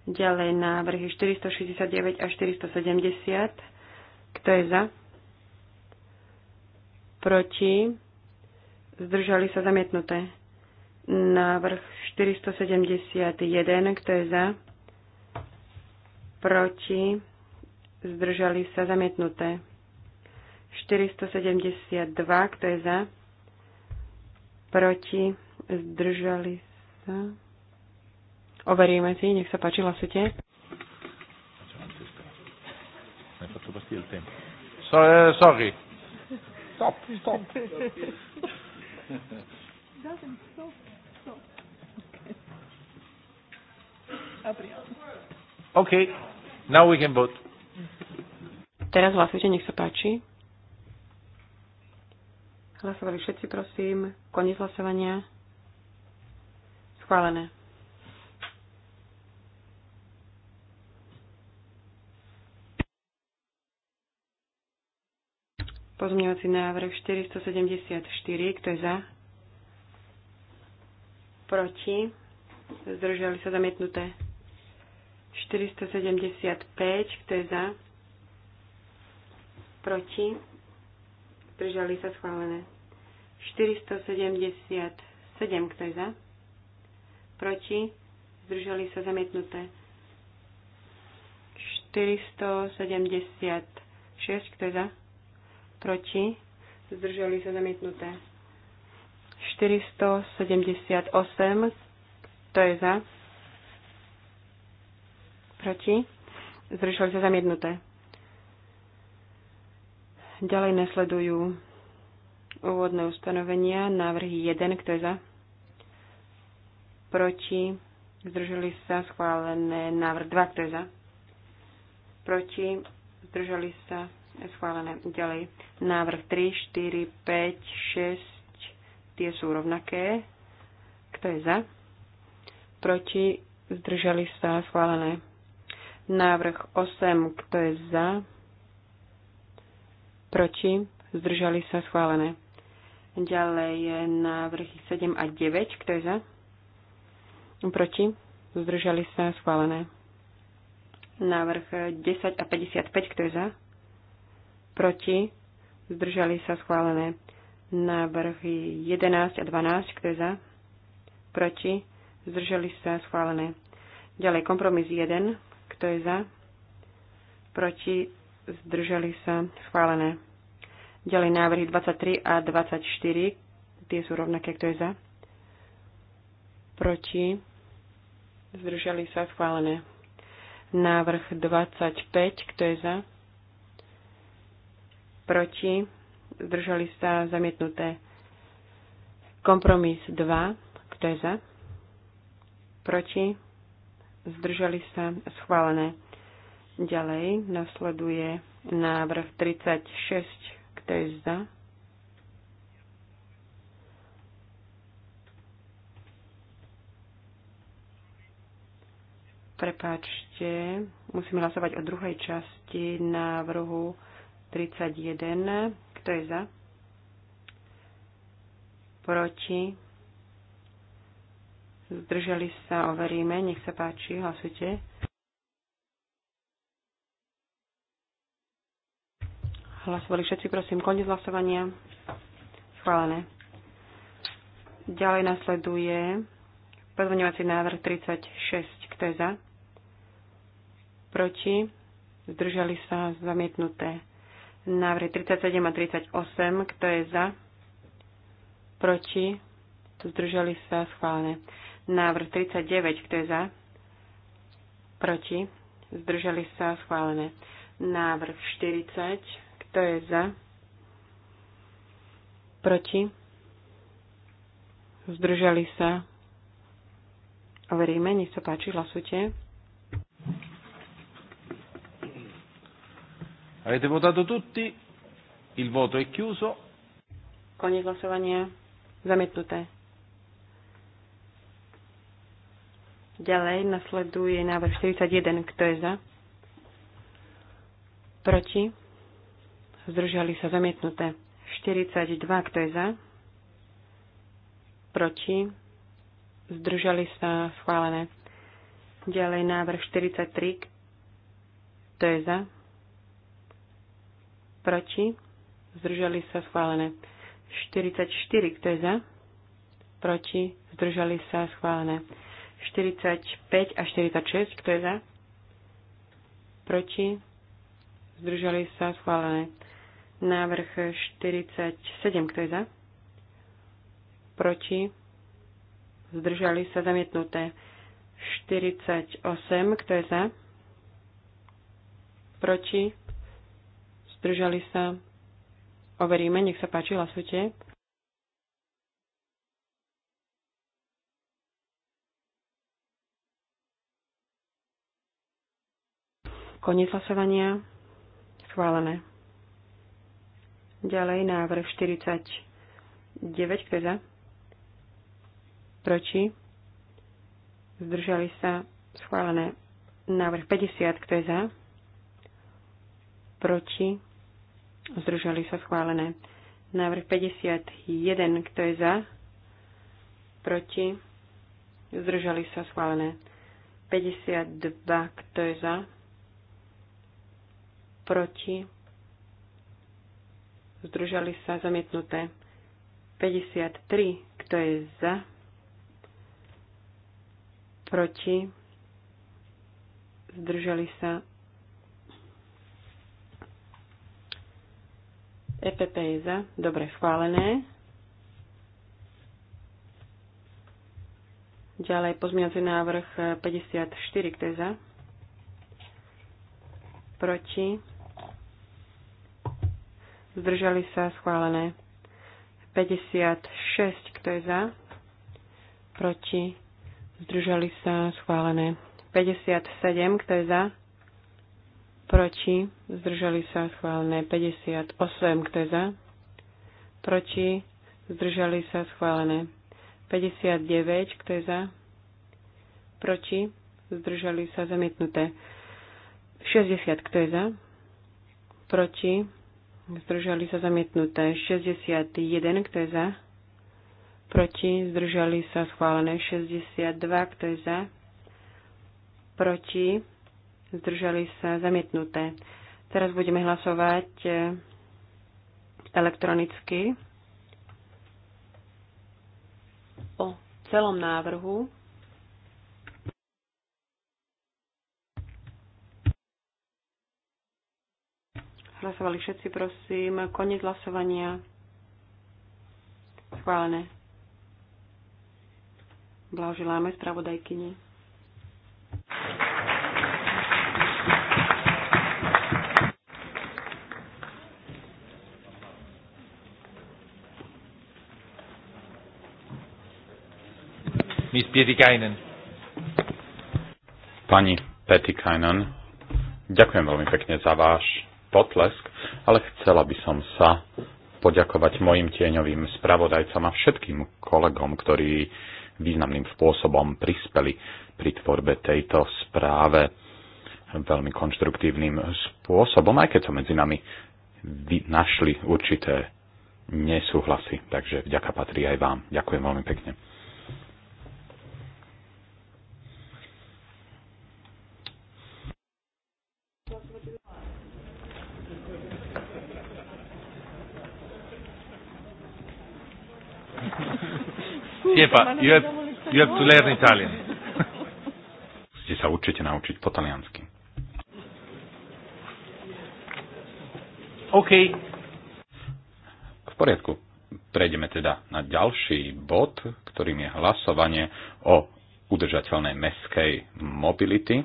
Ďalej návrhy 469 a 470. Kto je za? Proti? Zdržali sa? Zamietnuté. Návrh 471, kto je za? Proti? Zdržali sa zamietnuté. 472, kto je za? Proti? Zdržali sa? Overíme si, nech sa páči, hlasujte. Eh, sorry. Stop, stop. stop. OK, now we can vote. Teraz hlasujte, nech sa páči. Hlasovali všetci, prosím. Koniec hlasovania. Schválené. Pozmňovací návrh 474. Kto je za? Proti? Zdržali sa zamietnuté. 475, kto je za? Proti? Zdržali sa schválené. 477, kto je za? Proti? Zdržali sa zamietnuté. 476, kto je za? Proti? Zdržali sa zamietnuté. 478, kto je za? Proti? Zdržali sa zamietnuté. Ďalej nesledujú úvodné ustanovenia. Návrhy 1. Kto je za? Proti? Zdržali sa schválené. Návrh 2. Kto je za? Proti? Zdržali sa schválené. Ďalej. Návrh 3, 4, 5, 6. Tie sú rovnaké. Kto je za? Proti? Zdržali sa schválené Návrh 8, kto je za? Proti? Zdržali sa schválené. Ďalej je návrh 7 a 9, kto je za? Proti? Zdržali sa schválené. Návrh 10 a 55, kto je za? Proti? Zdržali sa schválené. Návrhy 11 a 12, kto je za? Proti? Zdržali sa schválené. Ďalej kompromis 1, kto je za? Proti? Zdržali sa? Schválené. Ďalej návrhy 23 a 24. Tie sú rovnaké. Kto je za? Proti? Zdržali sa? Schválené. Návrh 25. Kto je za? Proti? Zdržali sa? Zamietnuté. Kompromis 2. Kto je za? Proti? zdržali sa, schválené. Ďalej nasleduje návrh 36, kto je za, prepáčte, musím hlasovať o druhej časti návrhu 31. Kto je za? Proti? Zdržali sa, overíme. Nech sa páči, hlasujte. Hlasovali všetci, prosím, koniec hlasovania. Schválené. Ďalej nasleduje pozvoňovací návrh 36. Kto je za? Proti? Zdržali sa zamietnuté. Návrhy 37 a 38. Kto je za? Proti? Zdržali sa schválené. Návrh 39, kto je za? Proti? Zdržali sa schválené. Návrh 40, kto je za? Proti? Zdržali sa? Overíme, nech sa páči, hlasujte. Avete votato tutti? Il voto è chiuso. Koniec hlasovania. Zamietnuté. Ďalej nasleduje návrh 41. Kto je za? Proti? Zdržali sa zamietnuté. 42. Kto je za? Proti? Zdržali sa schválené. Ďalej návrh 43. Kto je za? Proti? Zdržali sa schválené. 44. Kto je za? Proti? Zdržali sa schválené. 45 a 46, kto je za? Proti? Zdržali sa schválené. Návrh 47, kto je za? Proti? Zdržali sa zamietnuté. 48, kto je za? Proti? Zdržali sa. Overíme, nech sa páči, hlasujte. Koniec hlasovania. Schválené. Ďalej návrh 49, kto je za? Proti? Zdržali sa? Schválené. Návrh 50, kto je za? Proti? Zdržali sa? Schválené. Návrh 51, kto je za? Proti? Zdržali sa? Schválené. 52, kto je za? proti, zdržali sa zamietnuté 53, kto je za, proti, zdržali sa EPP je za, dobre schválené. Ďalej pozmiňací návrh 54, kto je za? Proti zdržali sa schválené. 56, kto je za, proti, zdržali sa schválené. 57, kto je za, proti, zdržali sa schválené. 58, kto je za, proti, zdržali sa schválené. 59, kto je za, proti, zdržali sa zamietnuté. 60, kto je za, proti, Zdržali sa zamietnuté 61, kto je za? Proti, zdržali sa schválené 62, kto je za? Proti, zdržali sa zamietnuté. Teraz budeme hlasovať e, elektronicky o celom návrhu Hlasovali všetci, prosím. Koniec hlasovania. Schválené. Blahoželáme spravodajkyni. Miss Pietikainen. Pani Petikainen, ďakujem veľmi pekne za váš potlesk, ale chcela by som sa poďakovať mojim tieňovým spravodajcom a všetkým kolegom, ktorí významným spôsobom prispeli pri tvorbe tejto správe veľmi konštruktívnym spôsobom, aj keď sa medzi nami našli určité nesúhlasy. Takže vďaka patrí aj vám. Ďakujem veľmi pekne. Sì, you have, you have to learn Italian. Musíte sa určite naučiť po taliansky. OK. V poriadku. Prejdeme teda na ďalší bod, ktorým je hlasovanie o udržateľnej meskej mobility.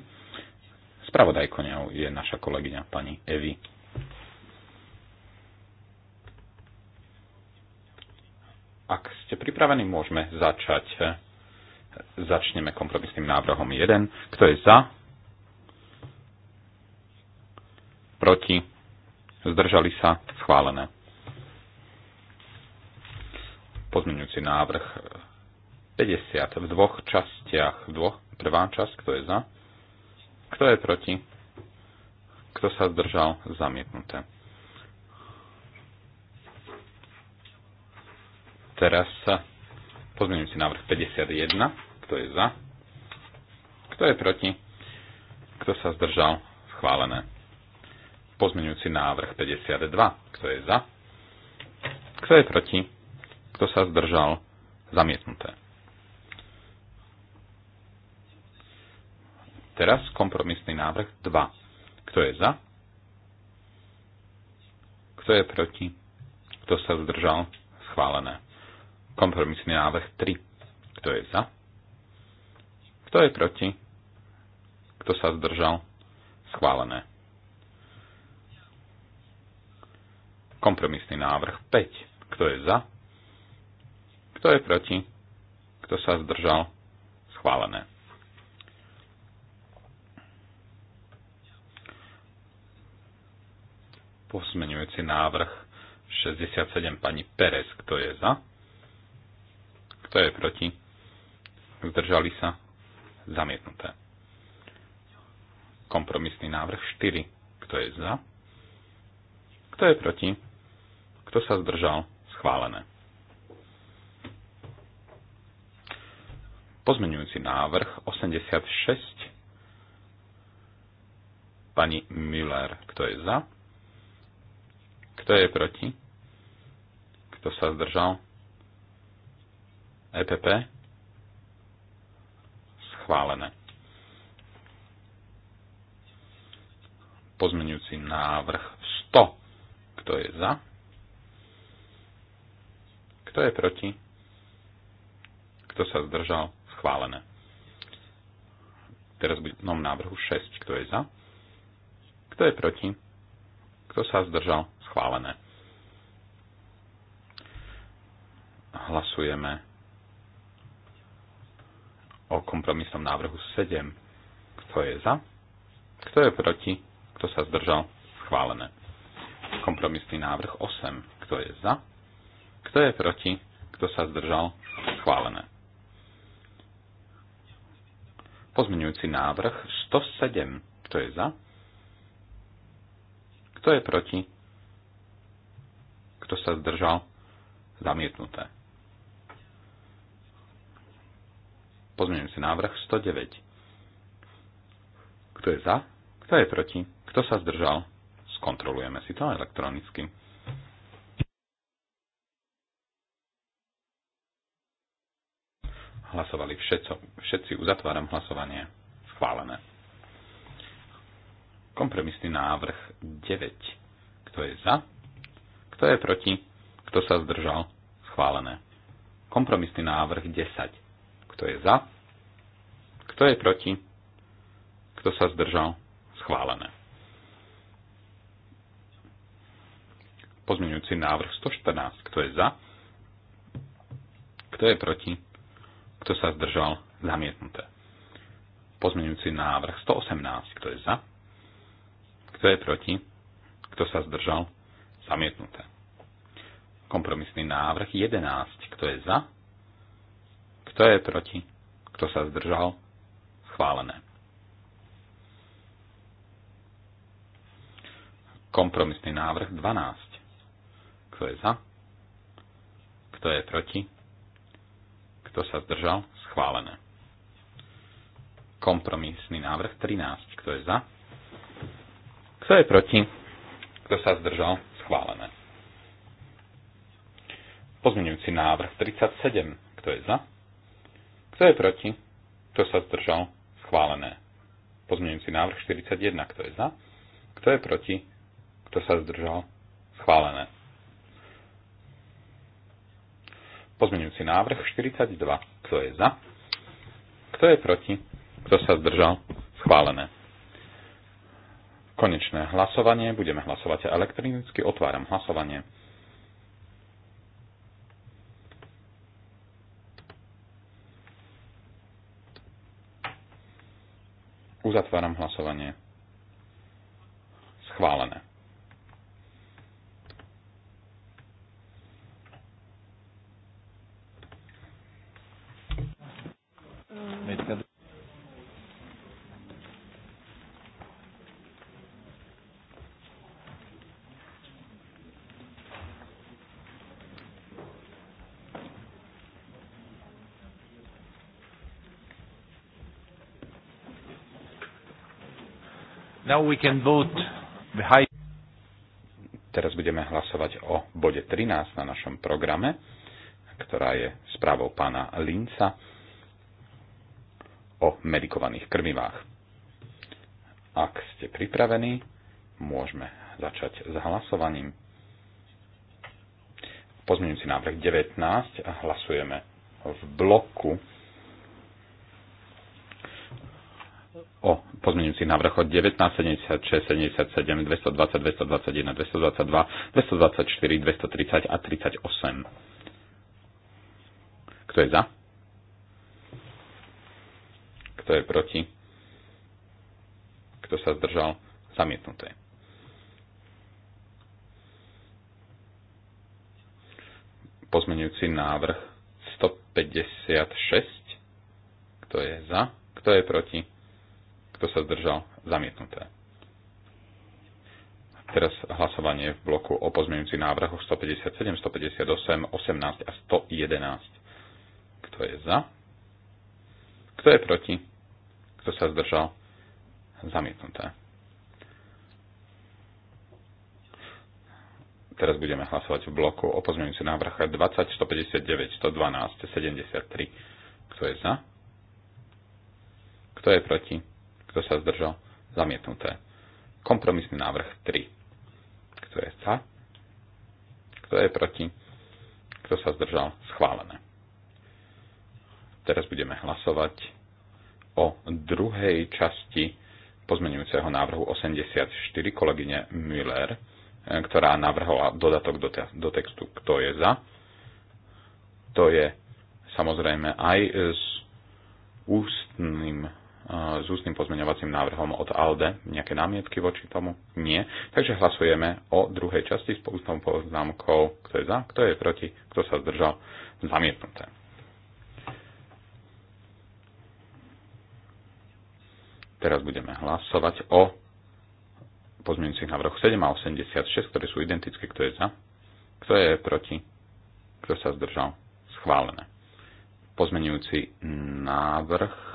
Spravodajkoňou je naša kolegyňa pani Evi Ste pripravení? Môžeme začať. Začneme kompromisným návrhom 1. Kto je za? Proti? Zdržali sa? Schválené. Pozmeňujúci návrh 50 v dvoch častiach. V dvoch, prvá časť, kto je za? Kto je proti? Kto sa zdržal? Zamietnuté. Teraz sa pozmením si návrh 51. Kto je za? Kto je proti? Kto sa zdržal? Schválené. Pozmeňujúci návrh 52. Kto je za? Kto je proti? Kto sa zdržal? Zamietnuté. Teraz kompromisný návrh 2. Kto je za? Kto je proti? Kto sa zdržal? Schválené. Kompromisný návrh 3. Kto je za? Kto je proti? Kto sa zdržal? Schválené. Kompromisný návrh 5. Kto je za? Kto je proti? Kto sa zdržal? Schválené. Pozmenujúci návrh 67 pani Perez. Kto je za? Kto je proti? Zdržali sa? Zamietnuté. Kompromisný návrh 4. Kto je za? Kto je proti? Kto sa zdržal? Schválené. Pozmeňujúci návrh 86. Pani Müller, kto je za? Kto je proti? Kto sa zdržal? EPP schválené. Pozmenujúci návrh 100. Kto je za? Kto je proti? Kto sa zdržal? Schválené. Teraz bude v návrhu 6. Kto je za? Kto je proti? Kto sa zdržal? Schválené. Hlasujeme o kompromisnom návrhu 7. Kto je za? Kto je proti? Kto sa zdržal? Schválené. Kompromisný návrh 8. Kto je za? Kto je proti? Kto sa zdržal? Schválené. Pozmeňujúci návrh 107. Kto je za? Kto je proti? Kto sa zdržal? Zamietnuté. Pozmeňujúci návrh 109. Kto je za? Kto je proti? Kto sa zdržal? Skontrolujeme si to elektronicky. Hlasovali všetko, všetci. Uzatváram hlasovanie. Schválené. Kompromisný návrh 9. Kto je za? Kto je proti? Kto sa zdržal? Schválené. Kompromisný návrh 10. Kto je za? Kto je proti? Kto sa zdržal? Schválené. Pozmeňujúci návrh 114. Kto je za? Kto je proti? Kto sa zdržal? Zamietnuté. Pozmeňujúci návrh 118. Kto je za? Kto je proti? Kto sa zdržal? Zamietnuté. Kompromisný návrh 11. Kto je za? Kto je proti? Kto sa zdržal? Schválené. Kompromisný návrh 12. Kto je za? Kto je proti? Kto sa zdržal? Schválené. Kompromisný návrh 13. Kto je za? Kto je proti? Kto sa zdržal? Schválené. Pozmeňujúci návrh 37. Kto je za? Kto je proti? Kto sa zdržal? Schválené. Pozmeňujúci návrh 41. Kto je za? Kto je proti? Kto sa zdržal? Schválené. Pozmeňujúci návrh 42. Kto je za? Kto je proti? Kto sa zdržal? Schválené. Konečné hlasovanie. Budeme hlasovať elektronicky. Otváram hlasovanie. Uzatváram hlasovanie. Schválené. Now we can vote the high... Teraz budeme hlasovať o bode 13 na našom programe, ktorá je správou pána Linca o medikovaných krmivách. Ak ste pripravení, môžeme začať s hlasovaním. Pozmeňujúci návrh 19 hlasujeme v bloku o pozmeňujúcich od 19, 76, 77, 220, 221, 222, 224, 230 a 38. Kto je za? Kto je proti? Kto sa zdržal? Zamietnuté. Pozmeňujúci návrh 156. Kto je za? Kto je proti? Kto sa zdržal? Zamietnuté. Teraz hlasovanie v bloku o pozmeňujúcich návrhoch 157, 158, 18 a 111. Kto je za? Kto je proti? Kto sa zdržal? Zamietnuté. Teraz budeme hlasovať v bloku o pozmeňujúcich návrhoch 20, 159, 112, 73. Kto je za? Kto je proti? Kto sa zdržal? Zamietnuté. Kompromisný návrh 3. Kto je za? Kto je proti? Kto sa zdržal? Schválené. Teraz budeme hlasovať o druhej časti pozmenujúceho návrhu 84 kolegyne Müller, ktorá navrhla dodatok do, te- do textu Kto je za? To je samozrejme aj s ústnym s ústnym pozmeňovacím návrhom od ALDE. Nejaké námietky voči tomu? Nie. Takže hlasujeme o druhej časti s ústnou poznámkou, kto je za, kto je proti, kto sa zdržal. Zamietnuté. Teraz budeme hlasovať o pozmeňujúcich návrhoch 7 a 86, ktoré sú identické, kto je za, kto je proti, kto sa zdržal. Schválené. Pozmeňujúci návrh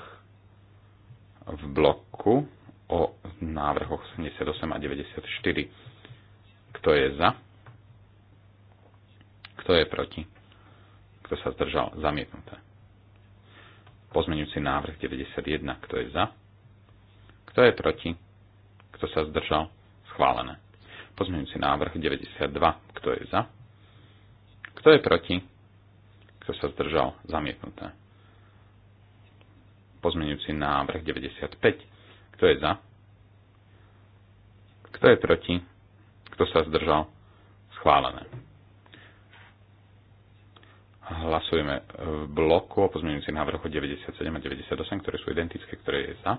v bloku o návrhoch 78 a 94. Kto je za? Kto je proti? Kto sa zdržal? Zamietnuté. Pozmeňujúci návrh 91. Kto je za? Kto je proti? Kto sa zdržal? Schválené. Pozmeňujúci návrh 92. Kto je za? Kto je proti? Kto sa zdržal? Zamietnuté pozmeňujúci návrh 95. Kto je za? Kto je proti? Kto sa zdržal? Schválené. Hlasujeme v bloku o pozmeňujúci návrh 97 a 98, ktoré sú identické, ktoré je za.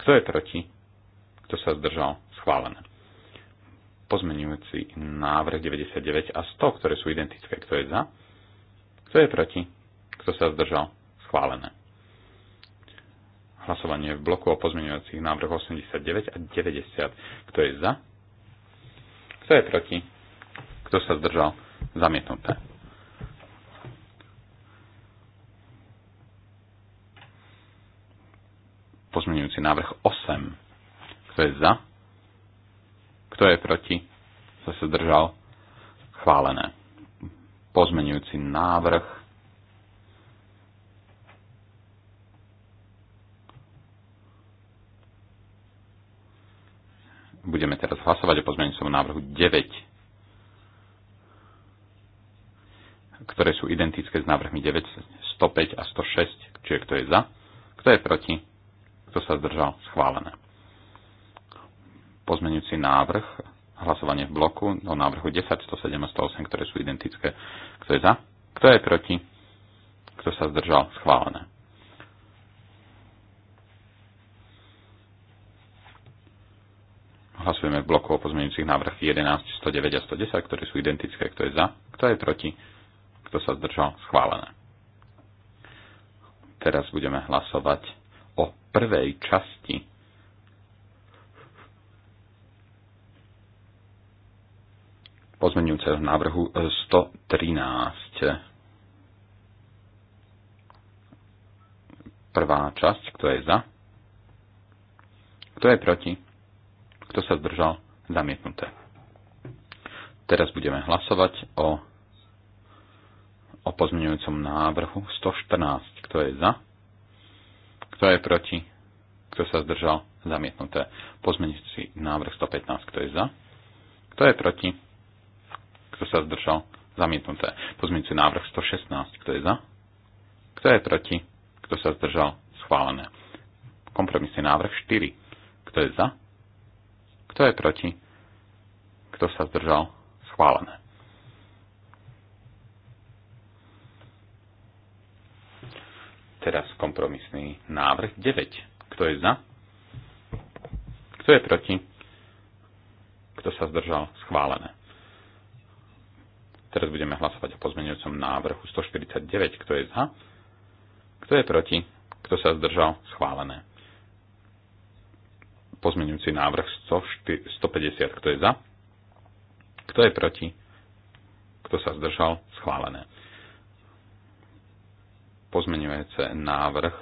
Kto je proti? Kto sa zdržal? Schválené. Pozmeňujúci návrh 99 a 100, ktoré sú identické, kto je za. Kto je proti? Kto sa zdržal? Schválené hlasovanie v bloku o pozmeňujúcich návrh 89 a 90. Kto je za? Kto je proti? Kto sa zdržal? Zamietnuté. Pozmeňujúci návrh 8. Kto je za? Kto je proti? Kto sa zdržal? Chválené. Pozmeňujúci návrh Budeme teraz hlasovať o pozmeňujúcom návrhu 9, ktoré sú identické s návrhmi 9, 105 a 106, čiže kto je za, kto je proti, kto sa zdržal, schválené. Pozmeňujúci návrh, hlasovanie v bloku o návrhu 10, 107 a 108, ktoré sú identické, kto je za, kto je proti, kto sa zdržal, schválené Hlasujeme v bloku o pozmeňujúcich návrh 11, 109 a 110, ktoré sú identické. Kto je za? Kto je proti? Kto sa zdržal? Schválené. Teraz budeme hlasovať o prvej časti pozmeňujúceho návrhu 113. E, prvá časť, kto je za, kto je proti, kto sa zdržal? Zamietnuté. Teraz budeme hlasovať o, o pozmeňujúcom návrhu 114. Kto je za? Kto je proti? Kto sa zdržal? Zamietnuté. Pozmeňujúci návrh 115. Kto je za? Kto je proti? Kto sa zdržal? Zamietnuté. Pozmeňujúci návrh 116. Kto je za? Kto je proti? Kto sa zdržal? Schválené. Kompromisný návrh 4. Kto je za? Kto je proti? Kto sa zdržal? Schválené. Teraz kompromisný návrh 9. Kto je za? Kto je proti? Kto sa zdržal? Schválené. Teraz budeme hlasovať o pozmeňujúcom návrhu 149. Kto je za? Kto je proti? Kto sa zdržal? Schválené pozmeňujúci návrh 150. Kto je za? Kto je proti? Kto sa zdržal? Schválené. Pozmeňujúce návrh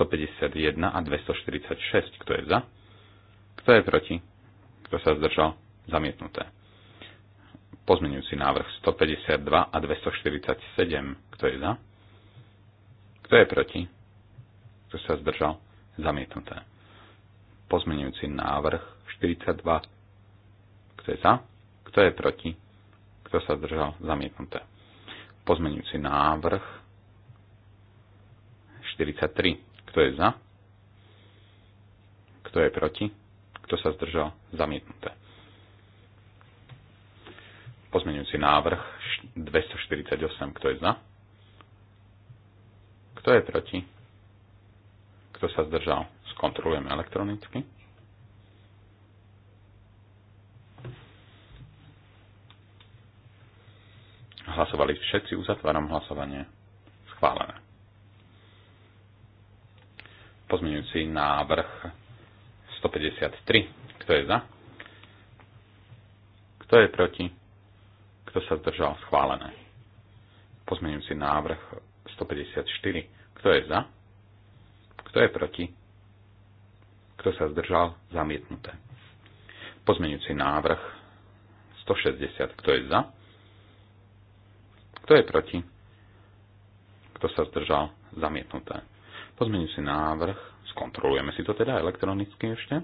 151 a 246. Kto je za? Kto je proti? Kto sa zdržal? Zamietnuté. Pozmeňujúci návrh 152 a 247. Kto je za? Kto je proti? Kto sa zdržal? Zamietnuté Pozmenujúci návrh 42. Kto je za? Kto je proti? Kto sa zdržal? Zamietnuté. Pozmenujúci návrh 43. Kto je za? Kto je proti? Kto sa zdržal? Zamietnuté. Pozmenujúci návrh 248. Kto je za? Kto je proti? Kto sa zdržal? skontrolujeme elektronicky. Hlasovali všetci, uzatváram hlasovanie. Schválené. Pozmeňujúci návrh 153. Kto je za? Kto je proti? Kto sa zdržal? Schválené. Pozmeňujúci návrh 154. Kto je za? Kto je proti? Kto sa zdržal? Zamietnuté. Pozmeňujúci návrh 160. Kto je za? Kto je proti? Kto sa zdržal? Zamietnuté. Pozmeňujúci návrh. Skontrolujeme si to teda elektronicky ešte.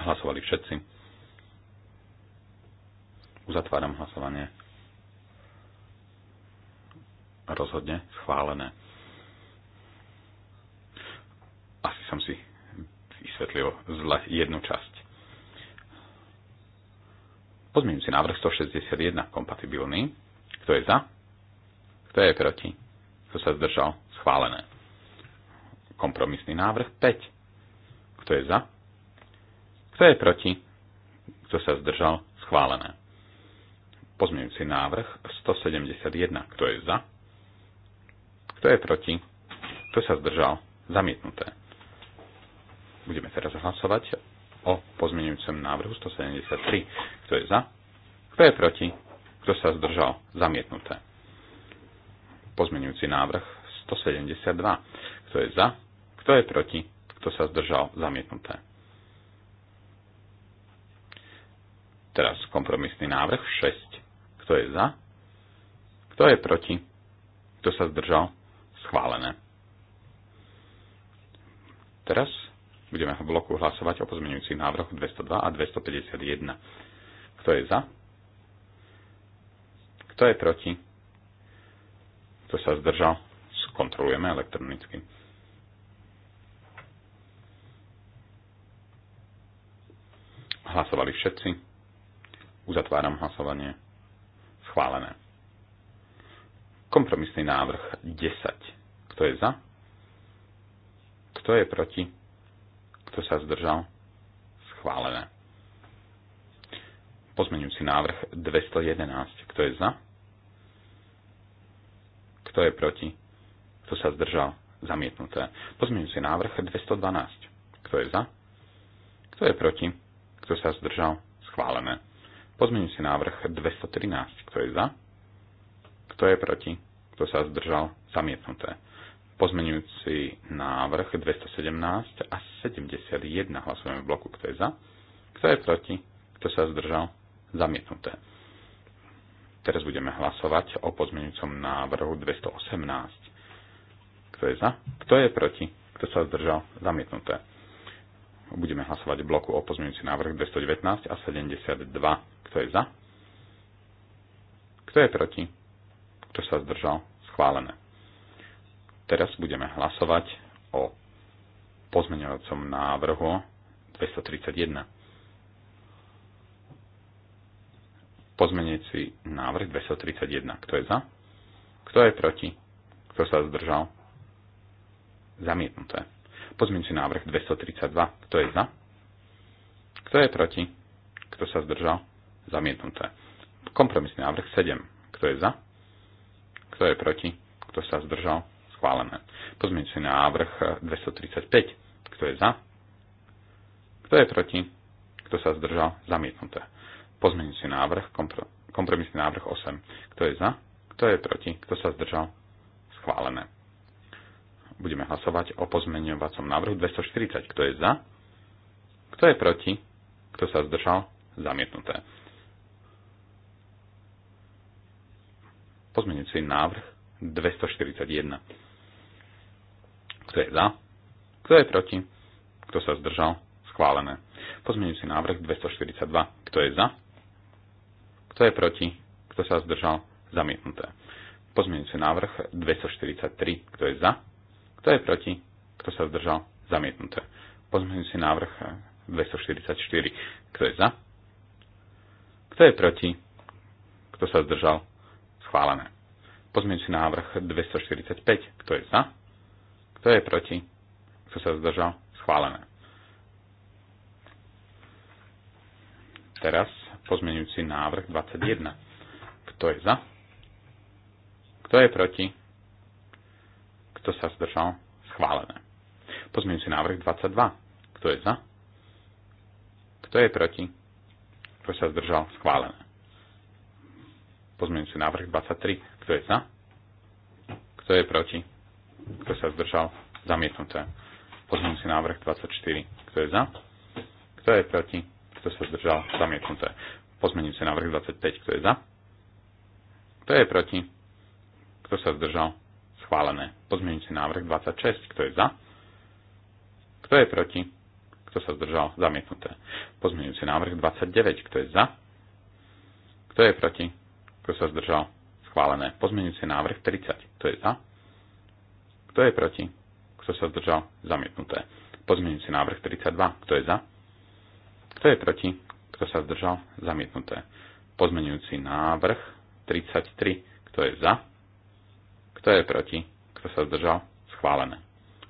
Hlasovali všetci. Uzatváram hlasovanie. Rozhodne schválené. Asi som si vysvetlil zle jednu časť. si návrh 161 kompatibilný. Kto je za? Kto je proti? Kto sa zdržal? Schválené. Kompromisný návrh 5. Kto je za? Kto je proti? Kto sa zdržal? Schválené. Pozmeňujúci návrh 171. Kto je za? Kto je proti? Kto sa zdržal? Zamietnuté. Budeme teraz hlasovať o pozmeňujúcom návrhu 173. Kto je za? Kto je proti? Kto sa zdržal? Zamietnuté. Pozmeňujúci návrh 172. Kto je za? Kto je proti? Kto sa zdržal? Zamietnuté. Teraz kompromisný návrh 6 kto je za? Kto je proti? Kto sa zdržal? Schválené. Teraz budeme v bloku hlasovať o pozmeňujúcich návrhoch 202 a 251. Kto je za? Kto je proti? Kto sa zdržal? Skontrolujeme elektronicky. Hlasovali všetci. Uzatváram hlasovanie. Schválené. Kompromisný návrh 10. Kto je za? Kto je proti? Kto sa zdržal? Schválené. Pozmeňujúci návrh 211. Kto je za? Kto je proti? Kto sa zdržal? Zamietnuté. Pozmeňujúci návrh 212. Kto je za? Kto je proti? Kto sa zdržal? Schválené Pozmeňujúci návrh 213. Kto je za? Kto je proti? Kto sa zdržal? Zamietnuté. Pozmeňujúci návrh 217 a 71. Hlasujeme v bloku. Kto je za? Kto je proti? Kto sa zdržal? Zamietnuté. Teraz budeme hlasovať o pozmeňujúcom návrhu 218. Kto je za? Kto je proti? Kto sa zdržal? Zamietnuté. Budeme hlasovať v bloku o pozmeňujúci návrh 219 a 72 kto je za? Kto je proti? Kto sa zdržal? Schválené. Teraz budeme hlasovať o pozmeňovacom návrhu 231. Pozmenujúci návrh 231. Kto je za? Kto je proti? Kto sa zdržal? Zamietnuté. Pozmenujúci návrh 232. Kto je za? Kto je proti? Kto sa zdržal? Zamietnuté. Kompromisný návrh 7. Kto je za? Kto je proti? Kto sa zdržal? Schválené. Pozmeňujúci návrh 235. Kto je za? Kto je proti? Kto sa zdržal? Zamietnuté. Pozmeňujúci návrh, kompro, kompromisný návrh 8. Kto je za? Kto je proti? Kto sa zdržal? Schválené. Budeme hlasovať o pozmeňovacom návrhu 240. Kto je za? Kto je proti? Kto sa zdržal? Zamietnuté. Pozmeňujúci návrh 241. Kto je za? Kto je proti? Kto sa zdržal? Schválené. Pozmeňujúci návrh 242. Kto je za? Kto je proti? Kto sa zdržal? Zamietnuté. Pozmeňujúci návrh 243. Kto je za? Kto je proti? Kto sa zdržal? Zamietnuté. Pozmeňujúci návrh 244. Kto je za? Kto je proti? Kto sa zdržal? Schválené. Pozmeňujúci návrh 245. Kto je za? Kto je proti? Kto sa zdržal? Schválené. Teraz pozmeňujúci návrh 21. Kto je za? Kto je proti? Kto sa zdržal? Schválené. Pozmeňujúci návrh 22. Kto je za? Kto je proti? Kto sa zdržal? Schválené. Pozmeňujúci návrh 23. Kto je za? Kto je proti? Kto sa zdržal? Zamietnuté. Pozmeňujúci návrh 24. Kto je za? Kto je proti? Kto sa zdržal? Zamietnuté. Pozmeňujúci návrh 25. Kto je za? Kto je proti? Kto sa zdržal? Schválené. Pozmeňujúci návrh 26. Kto je za? Kto je proti? Kto sa zdržal? Zamietnuté. Pozmeňujúci návrh 29. Kto je za? Kto je proti? Kto sa zdržal? Schválené. Pozmenujúci návrh 30. Kto je za? Kto je proti? Kto sa zdržal? Zamietnuté. Pozmenujúci návrh 32. Kto je za? Kto je proti? Kto sa zdržal? Zamietnuté. Pozmenujúci návrh 33. Kto je za? Kto je proti? Kto sa zdržal? Schválené.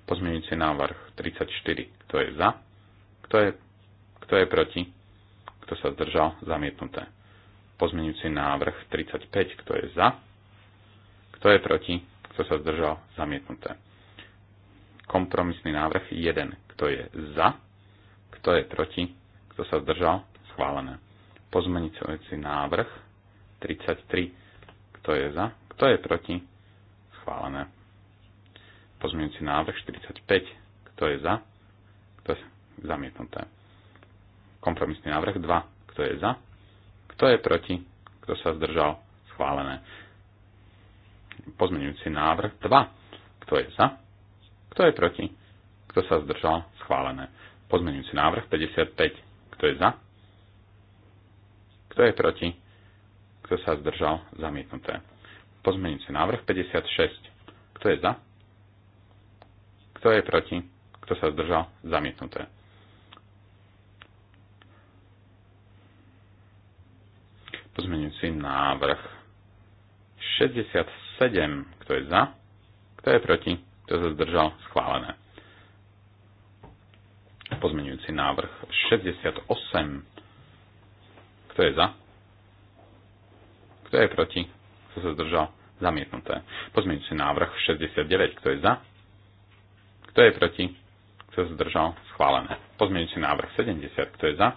Pozmenujúci návrh 34. Kto je za? Kto je, kto je proti? Kto sa zdržal? Zamietnuté Pozmenujúci návrh 35, kto je za, kto je proti, kto sa zdržal, zamietnuté. Kompromisný návrh 1, kto je za, kto je proti, kto sa zdržal, schválené. Pozmeňujúci návrh 33, kto je za, kto je proti, schválené. Pozmenujúci návrh 45, kto je za, kto je zamietnuté. Kompromisný návrh 2, kto je za, kto je proti? Kto sa zdržal? Schválené. Pozmeňujúci návrh 2. Kto je za? Kto je proti? Kto sa zdržal? Schválené. Pozmeňujúci návrh 55. Kto je za? Kto je proti? Kto sa zdržal? Zamietnuté. Pozmeňujúci návrh 56. Kto je za? Kto je proti? Kto sa zdržal? Zamietnuté. Pozmeňujúci návrh 67. Kto je za? Kto je proti? Kto sa zdržal? Schválené. Pozmeňujúci návrh 68. Kto je za? Kto je proti? Kto sa zdržal? Zamietnuté. Pozmeňujúci návrh 69. Kto je za? Kto je proti? Kto sa zdržal? Schválené. Pozmeňujúci návrh 70. Kto je za?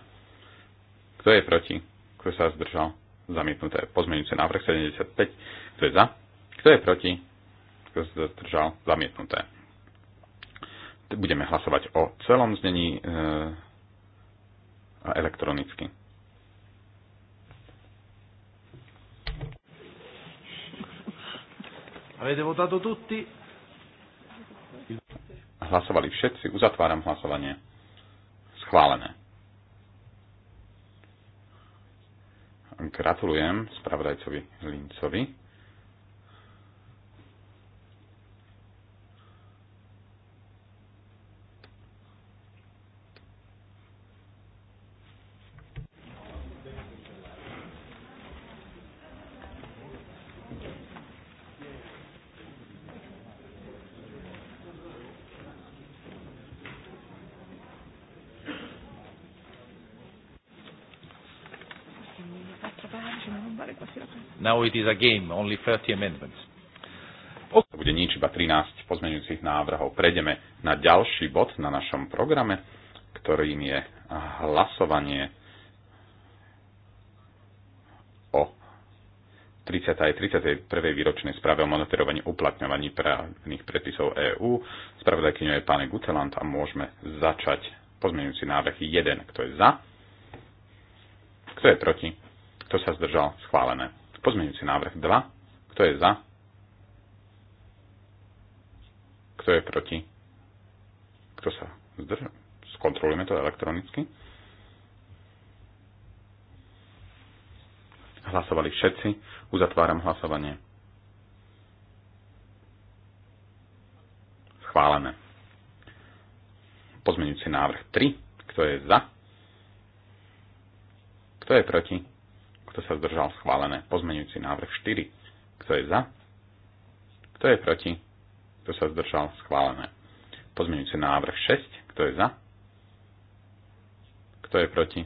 Kto je proti? Kto sa zdržal? zamietnuté. pozmeňujúce návrh 75, kto je za, kto je proti, kto sa zdržal, zamietnuté. Budeme hlasovať o celom znení e, elektronicky. Avete votato tutti? Hlasovali všetci, uzatváram hlasovanie. Schválené. gratulujem spravodajcovi Lincovi now it is a game, only 30 amendments. Okay. Bude nič, iba 13 pozmeňujúcich návrhov. Prejdeme na ďalší bod na našom programe, ktorým je hlasovanie o 30. aj 31. výročnej správe o monitorovaní uplatňovaní právnych predpisov EÚ. Spravodajkyňou je pán Gutelant a môžeme začať pozmeňujúci návrh 1. Kto je za? Kto je proti? Kto sa zdržal? Schválené. Pozmeňujúci návrh 2. Kto je za? Kto je proti? Kto sa zdržal? Skontrolujeme to elektronicky. Hlasovali všetci. Uzatváram hlasovanie. Schválené. Pozmeňujúci návrh 3. Kto je za? Kto je proti? kto sa zdržal schválené. Pozmenujúci návrh 4. Kto je za? Kto je proti? Kto sa zdržal schválené. Pozmenujúci návrh 6. Kto je za? Kto je proti?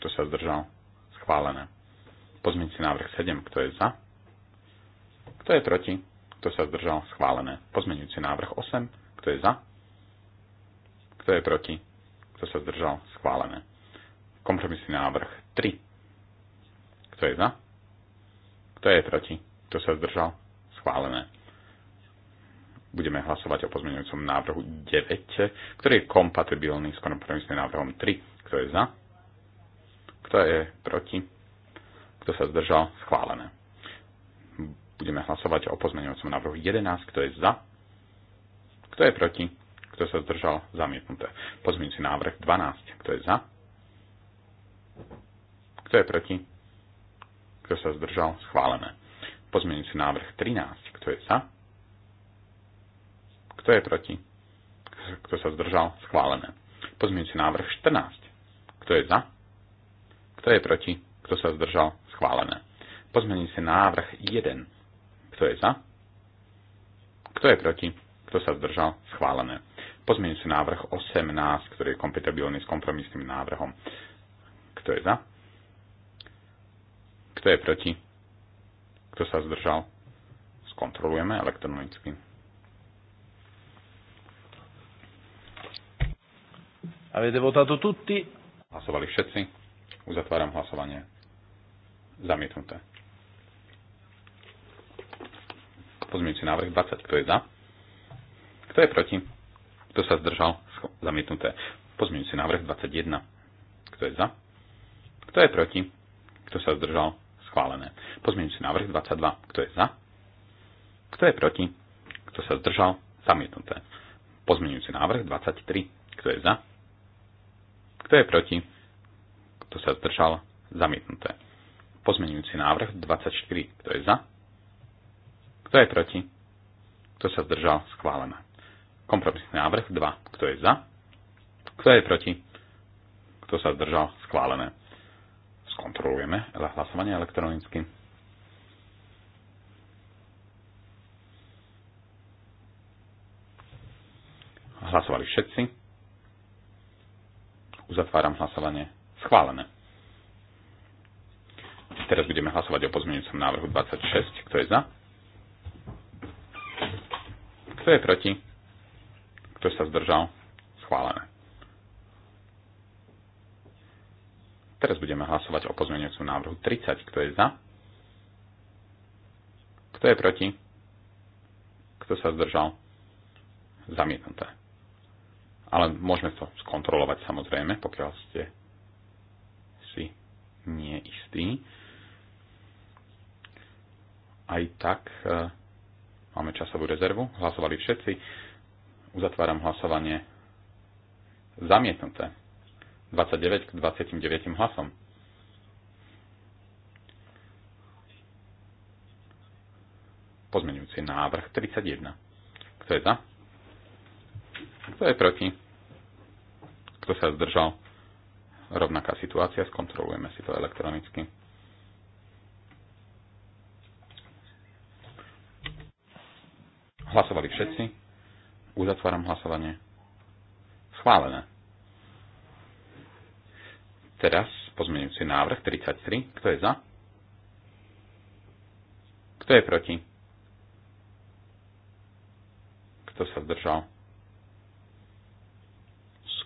Kto sa zdržal schválené. Pozmenujúci návrh 7. Kto je za? Kto je proti? Kto sa zdržal schválené. Pozmenujúci návrh 8. Kto je za? Kto je proti? Kto sa zdržal schválené kompromisný návrh 3. Kto je za? Kto je proti? Kto sa zdržal? Schválené. Budeme hlasovať o pozmeňujúcom návrhu 9, ktorý je kompatibilný s kompromisným návrhom 3. Kto je za? Kto je proti? Kto sa zdržal? Schválené. Budeme hlasovať o pozmeňujúcom návrhu 11. Kto je za? Kto je proti? Kto sa zdržal? Zamietnuté. Pozmeňujúci návrh 12. Kto je za? Kto je proti? Kto sa zdržal? Schválené. Pozmeňujúci návrh 13. Kto je za? Kto je proti? Kto sa zdržal? Schválené. Pozmeňujúci návrh 14. Kto je za? Kto je proti? Kto sa zdržal? Schválené. Pozmeňujúci návrh 1. Kto je za? Kto je proti? Kto sa zdržal? Schválené. Pozmeňujúci návrh 18, ktorý je kompatibilný s kompromisným návrhom. Kto je za? Kto je proti? Kto sa zdržal? Skontrolujeme elektronicky. Avete votato tutti? Hlasovali všetci. Uzatváram hlasovanie. Zamietnuté. Pozmiňujúci návrh 20. Kto je za? Kto je proti? Kto sa zdržal? Zamietnuté. Pozmiňujúci návrh 21. Kto je za? Kto je proti? Kto sa zdržal? schválené. Pozmeňujúci návrh 22. Kto je za? Kto je proti? Kto sa zdržal? Zamietnuté. si návrh 23. Kto je za? Kto je proti? Kto sa zdržal? Zamietnuté. Pozmeňujúci návrh 24. Kto je za? Kto je proti? Kto sa zdržal? Schválené. Kompromisný návrh 2. Kto je za? Kto je proti? Kto sa zdržal? Schválené skontrolujeme hlasovanie elektronicky. Hlasovali všetci. Uzatváram hlasovanie. Schválené. Teraz budeme hlasovať o pozmeňujúcom návrhu 26. Kto je za? Kto je proti? Kto sa zdržal? Schválené. Teraz budeme hlasovať o pozmeňujúcom návrhu 30. Kto je za? Kto je proti? Kto sa zdržal? Zamietnuté. Ale môžeme to skontrolovať samozrejme, pokiaľ ste si nie istí. Aj tak e, máme časovú rezervu. Hlasovali všetci. Uzatváram hlasovanie. Zamietnuté. 29 k 29 hlasom. Pozmeňujúci návrh 31. Kto je za? Kto je proti? Kto sa zdržal? Rovnaká situácia, skontrolujeme si to elektronicky. Hlasovali všetci. Uzatváram hlasovanie. Schválené. Teraz pozmeňujúci návrh 33. Kto je za? Kto je proti? Kto sa zdržal?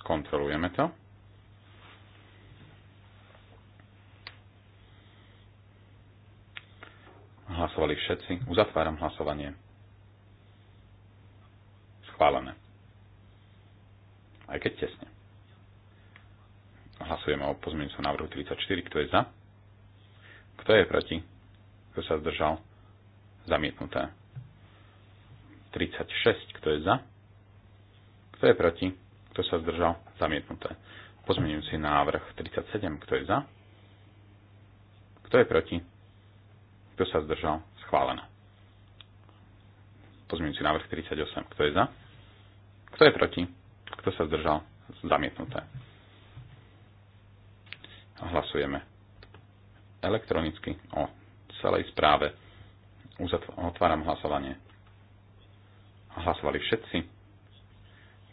Skontrolujeme to. Hlasovali všetci. Uzatváram hlasovanie. Schválené. Aj keď tesne. Hlasujeme o pozmeňujúcom návrhu 34. Kto je za? Kto je proti? Kto sa zdržal? Zamietnuté. 36. Kto je za? Kto je proti? Kto sa zdržal? Zamietnuté. Pozmeňujúci návrh 37. Kto je za? Kto je proti? Kto sa zdržal? Schválené. Pozmeňujúci návrh 38. Kto je za? Kto je proti? Kto sa zdržal? Zamietnuté. Hlasujeme elektronicky o celej správe. Otváram hlasovanie. Hlasovali všetci.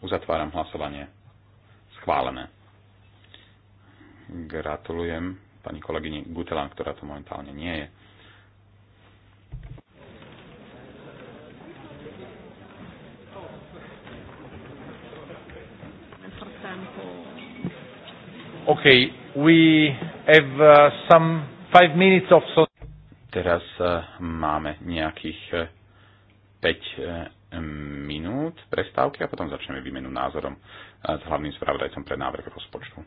Uzatváram hlasovanie. Schválené. Gratulujem pani kolegyni Gutelan, ktorá to momentálne nie je. OK, We have uh, some five minutes of so Teraz uh, máme nejakých uh, 5 uh, minút prestávky a potom začneme výmenu názorom uh, s hlavným spravodajcom pre návrh rozpočtu.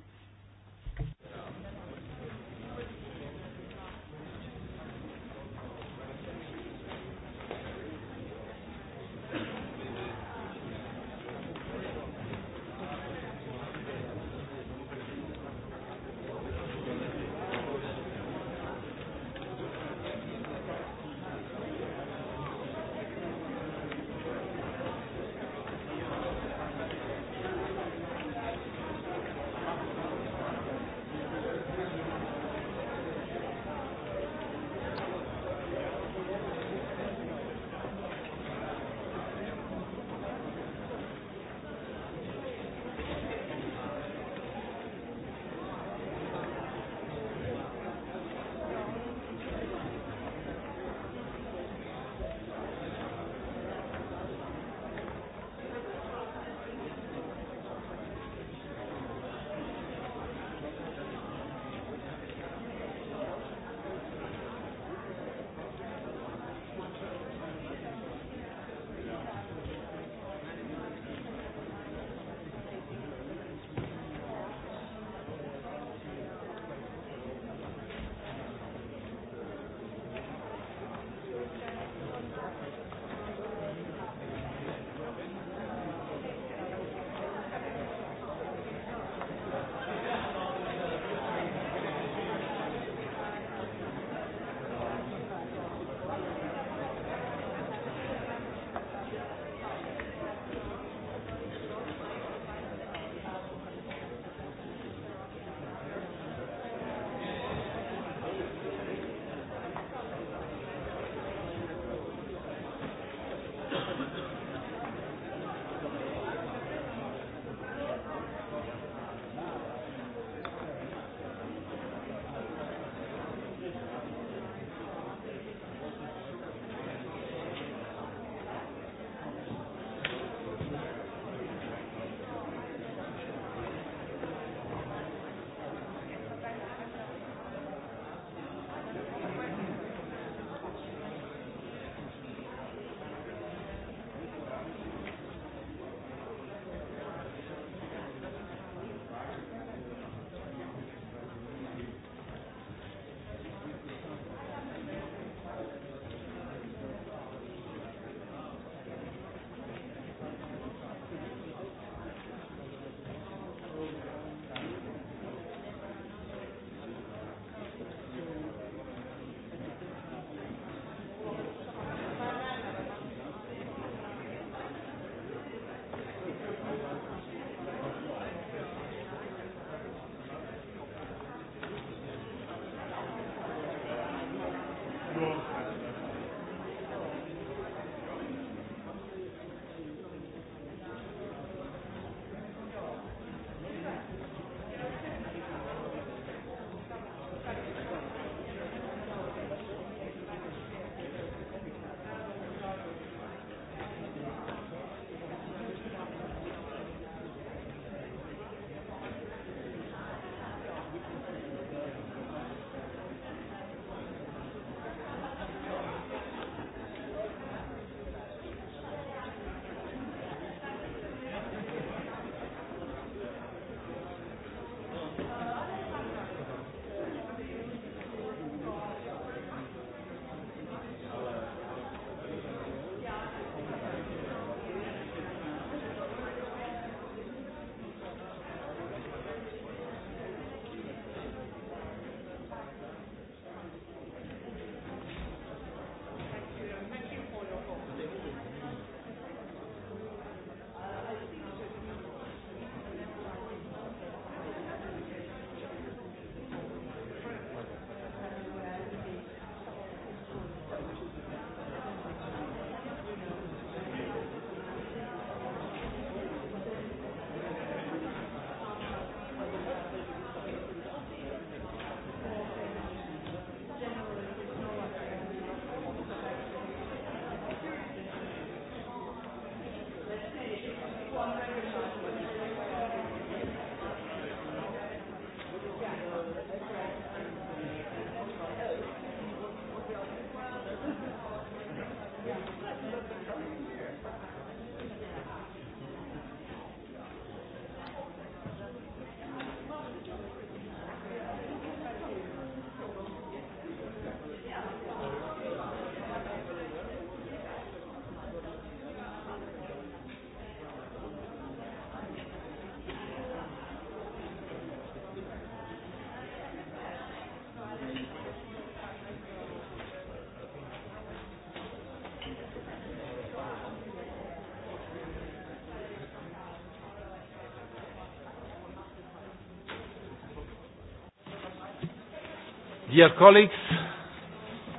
Dear colleagues,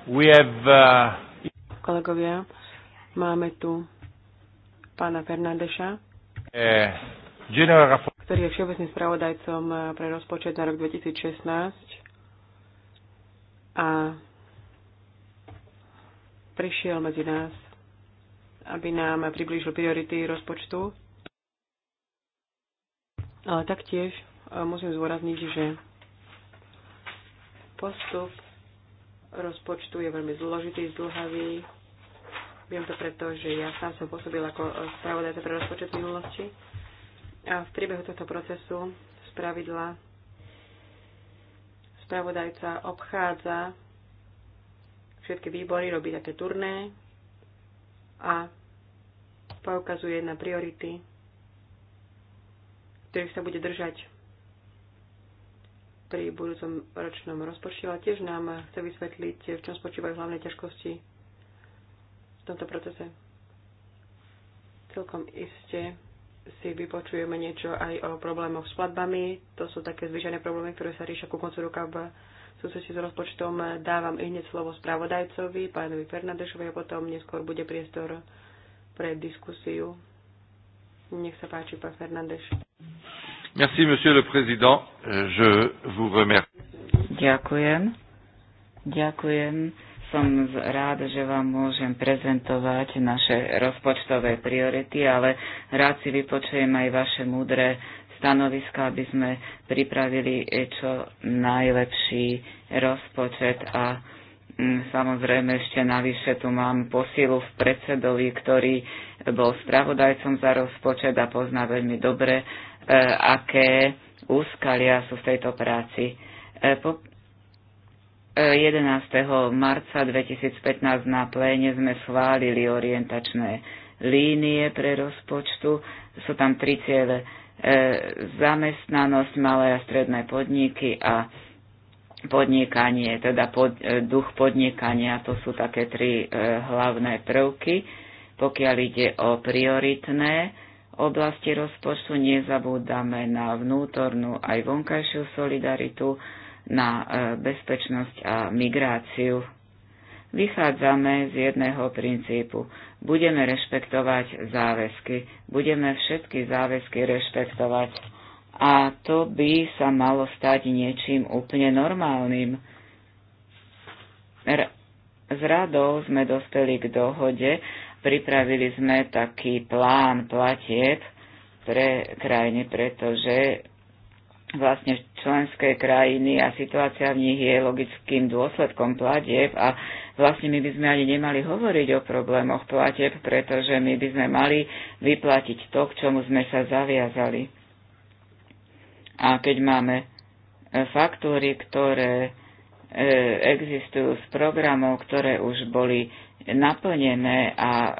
we have... Uh, Kolegovia, máme tu pána Fernandeša, uh, ktorý je všeobecným spravodajcom uh, pre rozpočet na rok 2016 a prišiel medzi nás, aby nám priblížil priority rozpočtu. Ale taktiež uh, musím zvorazniť, že Postup rozpočtu je veľmi zložitý, zdlhavý. Viem to preto, že ja sám som pôsobil ako spravodajca pre rozpočet v minulosti. A v priebehu tohto procesu spravidla spravodajca obchádza všetky výbory, robí také turné a poukazuje na priority, ktorých sa bude držať pri budúcom ročnom rozpočte, ale tiež nám chce vysvetliť, v čom spočívajú hlavné ťažkosti v tomto procese. Celkom iste si vypočujeme niečo aj o problémoch s platbami. To sú také zvyšené problémy, ktoré sa riešia ku koncu roka v súvislosti s rozpočtom. Dávam i hneď slovo spravodajcovi, pánovi Fernandešovi, a potom neskôr bude priestor pre diskusiu. Nech sa páči, pán Fernandeš. Merci, monsieur le président. Je vous remercie. Ďakujem. Ďakujem. Som rád, že vám môžem prezentovať naše rozpočtové priority, ale rád si vypočujem aj vaše múdre stanoviska, aby sme pripravili čo najlepší rozpočet a Mm, samozrejme ešte navyše tu mám posilu v predsedovi, ktorý bol spravodajcom za rozpočet a pozná veľmi dobre, e, aké úskalia sú v tejto práci. E, po, 11. E, marca 2015 na pléne sme schválili orientačné línie pre rozpočtu. Sú tam tri ciele. E, zamestnanosť, malé a stredné podniky a podnikanie, teda pod, e, duch podnikania, to sú také tri e, hlavné prvky. Pokiaľ ide o prioritné oblasti rozpočtu, nezabúdame na vnútornú aj vonkajšiu solidaritu, na e, bezpečnosť a migráciu. Vychádzame z jedného princípu. Budeme rešpektovať záväzky. Budeme všetky záväzky rešpektovať a to by sa malo stať niečím úplne normálnym. R- s radou sme dospeli k dohode, pripravili sme taký plán platieb pre krajiny, pretože vlastne členské krajiny a situácia v nich je logickým dôsledkom platieb a vlastne my by sme ani nemali hovoriť o problémoch platieb, pretože my by sme mali vyplatiť to, k čomu sme sa zaviazali. A keď máme e, faktúry, ktoré e, existujú z programov, ktoré už boli naplnené a e,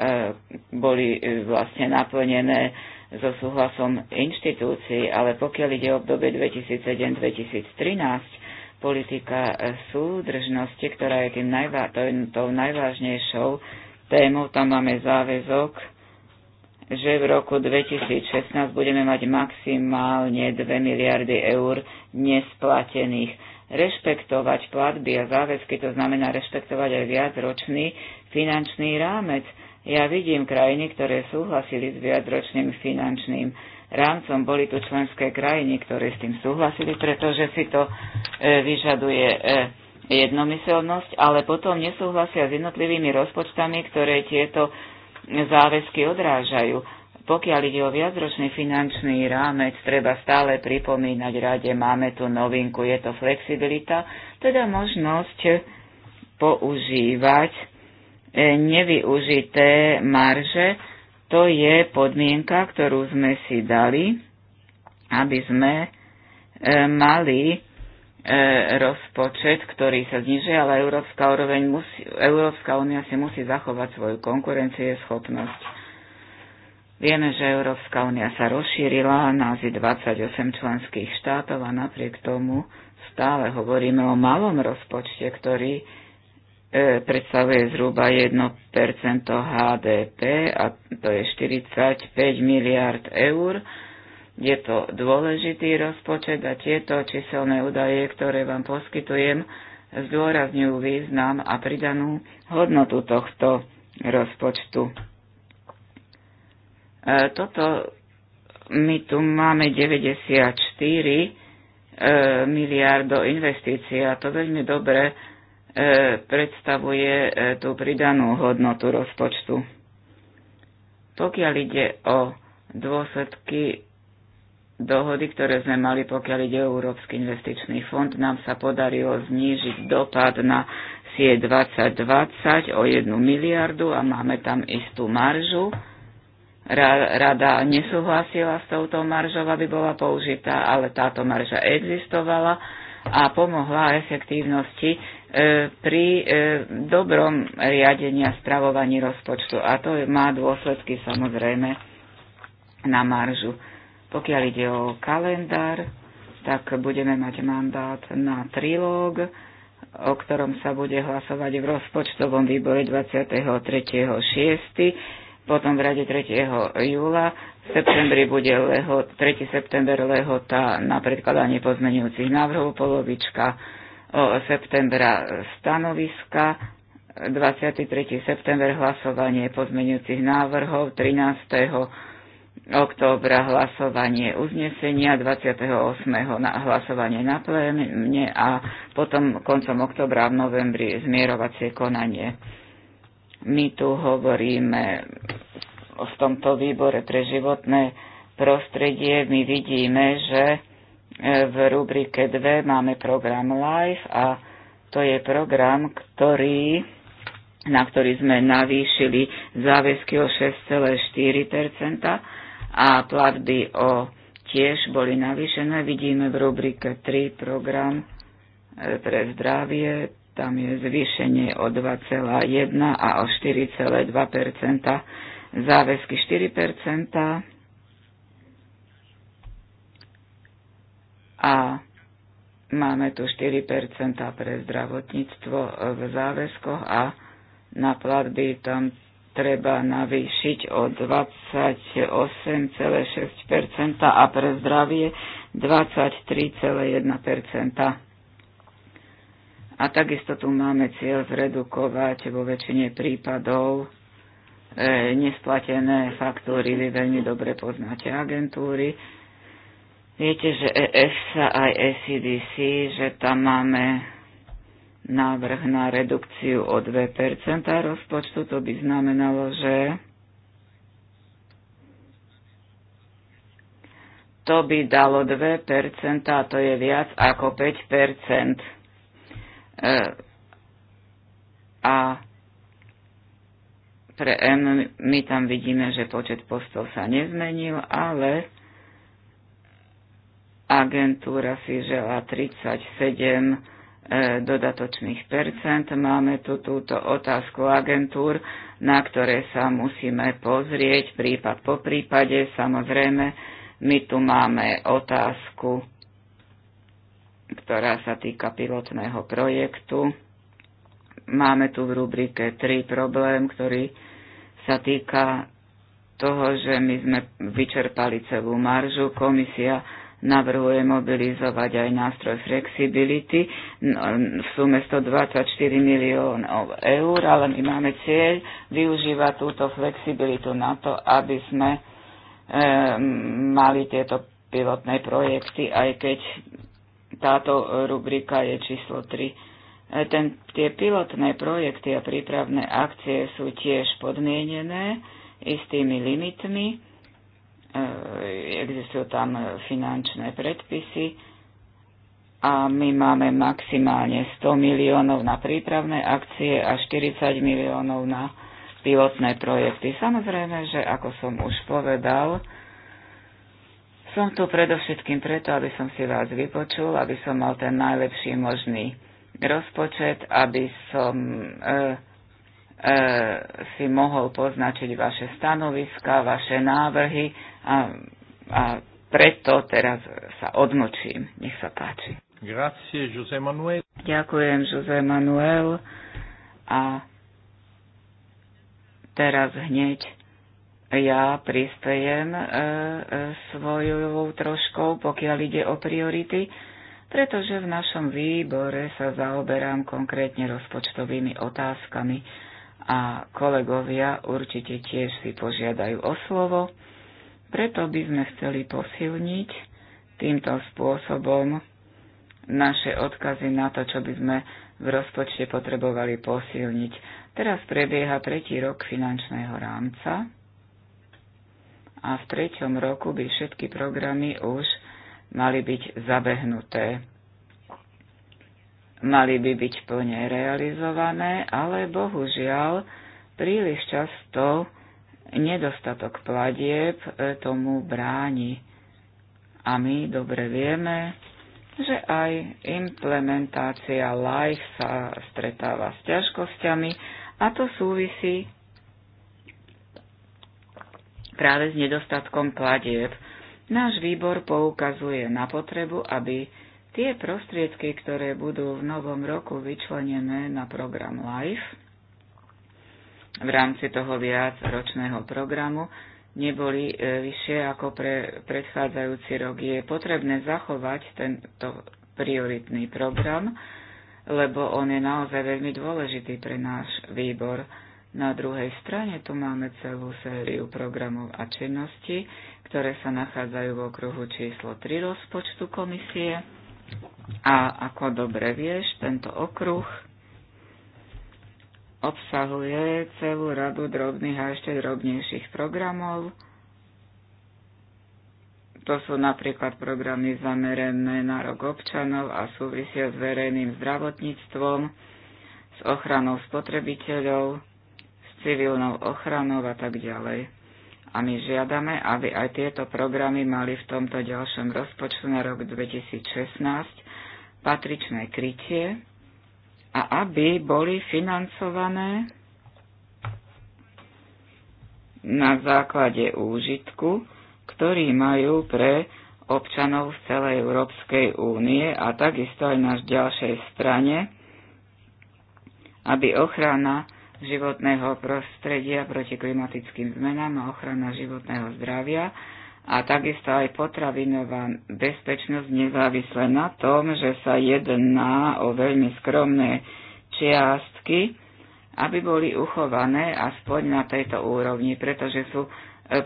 boli vlastne naplnené so súhlasom inštitúcií, ale pokiaľ ide o obdobie 2007-2013, politika súdržnosti, ktorá je tým najvá, tou najvážnejšou témou, tam máme záväzok že v roku 2016 budeme mať maximálne 2 miliardy eur nesplatených. Rešpektovať platby a záväzky, to znamená rešpektovať aj viacročný finančný rámec. Ja vidím krajiny, ktoré súhlasili s viacročným finančným rámcom. Boli tu členské krajiny, ktoré s tým súhlasili, pretože si to e, vyžaduje e, jednomyselnosť, ale potom nesúhlasia s jednotlivými rozpočtami, ktoré tieto záväzky odrážajú. Pokiaľ ide o viacročný finančný rámec, treba stále pripomínať rade, máme tu novinku, je to flexibilita, teda možnosť používať e, nevyužité marže. To je podmienka, ktorú sme si dali, aby sme e, mali E, rozpočet, ktorý sa znižuje, ale Európska, úroveň musí, Európska únia si musí zachovať svoju konkurencieschopnosť. Vieme, že Európska únia sa rozšírila na asi 28 členských štátov a napriek tomu stále hovoríme o malom rozpočte, ktorý e, predstavuje zhruba 1% HDP a to je 45 miliard eur je to dôležitý rozpočet a tieto číselné údaje, ktoré vám poskytujem, zdôrazňujú význam a pridanú hodnotu tohto rozpočtu. E, toto my tu máme 94 e, miliard do investícií a to veľmi dobre e, predstavuje tú pridanú hodnotu rozpočtu. Pokiaľ ide o dôsledky dohody, ktoré sme mali, pokiaľ ide o Európsky investičný fond, nám sa podarilo znížiť dopad na sie 2020 o 1 miliardu a máme tam istú maržu. Rada nesúhlasila s touto maržou, aby bola použitá, ale táto marža existovala a pomohla efektívnosti e, pri e, dobrom riadení a stravovaní rozpočtu. A to má dôsledky samozrejme na maržu. Pokiaľ ide o kalendár, tak budeme mať mandát na trilóg, o ktorom sa bude hlasovať v rozpočtovom výbore 23.6., potom v rade 3. júla, v septembri bude leho, 3. september lehota na predkladanie pozmenujúcich návrhov, polovička o septembra stanoviska, 23. september hlasovanie pozmenujúcich návrhov, 13 októbra hlasovanie uznesenia, 28. Na hlasovanie na pléne a potom koncom októbra v novembri zmierovacie konanie. My tu hovoríme v tomto výbore pre životné prostredie, my vidíme, že e, v rubrike 2 máme program LIFE a to je program, ktorý na ktorý sme navýšili záväzky o 6,4 a platby o tiež boli navýšené. Vidíme v rubrike 3 program e, pre zdravie, tam je zvýšenie o 2,1 a o 4,2 záväzky 4 a máme tu 4 pre zdravotníctvo v záväzkoch a na platby tam treba navýšiť o 28,6% a pre zdravie 23,1%. A takisto tu máme cieľ zredukovať vo väčšine prípadov e, nesplatené faktúry. Vy veľmi dobre poznáte agentúry. Viete, že EFSA aj ECDC, že tam máme návrh na redukciu o 2 rozpočtu, to by znamenalo, že to by dalo 2 a to je viac ako 5 e, A pre M my tam vidíme, že počet postov sa nezmenil, ale agentúra si žela 37 E, dodatočných percent. Máme tu túto otázku agentúr, na ktoré sa musíme pozrieť prípad po prípade. Samozrejme, my tu máme otázku, ktorá sa týka pilotného projektu. Máme tu v rubrike 3 problém, ktorý sa týka toho, že my sme vyčerpali celú maržu. Komisia Navrhuje mobilizovať aj nástroj flexibility no, v sume 124 miliónov eur, ale my máme cieľ využívať túto flexibilitu na to, aby sme e, mali tieto pilotné projekty, aj keď táto rubrika je číslo 3. E, ten, tie pilotné projekty a prípravné akcie sú tiež podmienené istými limitmi Eh, existujú tam finančné predpisy a my máme maximálne 100 miliónov na prípravné akcie a 40 miliónov na pilotné projekty. Samozrejme, že ako som už povedal, som tu predovšetkým preto, aby som si vás vypočul, aby som mal ten najlepší možný rozpočet, aby som e, E, si mohol poznačiť vaše stanoviska, vaše návrhy a, a preto teraz sa odmlčím. Nech sa páči. Grazie, José Manuel. Ďakujem, José Manuel. A teraz hneď ja prispejem e, e, svojou troškou, pokiaľ ide o priority, pretože v našom výbore sa zaoberám konkrétne rozpočtovými otázkami a kolegovia určite tiež si požiadajú o slovo, preto by sme chceli posilniť týmto spôsobom naše odkazy na to, čo by sme v rozpočte potrebovali posilniť. Teraz prebieha tretí rok finančného rámca a v treťom roku by všetky programy už mali byť zabehnuté mali by byť plne realizované, ale bohužiaľ príliš často nedostatok platieb e, tomu bráni. A my dobre vieme, že aj implementácia LIFE sa stretáva s ťažkosťami a to súvisí práve s nedostatkom platieb. Náš výbor poukazuje na potrebu, aby Tie prostriedky, ktoré budú v novom roku vyčlenené na program LIFE v rámci toho viacročného programu, neboli e, vyššie ako pre predchádzajúci rok. Je potrebné zachovať tento prioritný program, lebo on je naozaj veľmi dôležitý pre náš výbor. Na druhej strane tu máme celú sériu programov a činností, ktoré sa nachádzajú v okruhu číslo 3 rozpočtu komisie a ako dobre vieš, tento okruh obsahuje celú radu drobných a ešte drobnejších programov. To sú napríklad programy zamerané na rok občanov a súvisia s verejným zdravotníctvom, s ochranou spotrebiteľov, s civilnou ochranou a tak ďalej a my žiadame, aby aj tieto programy mali v tomto ďalšom rozpočtu na rok 2016 patričné krytie a aby boli financované na základe úžitku, ktorý majú pre občanov z celej Európskej únie a takisto aj na ďalšej strane, aby ochrana životného prostredia proti klimatickým zmenám a ochrana životného zdravia a takisto aj potravinová bezpečnosť nezávisle na tom, že sa jedná o veľmi skromné čiastky, aby boli uchované aspoň na tejto úrovni, pretože sú e,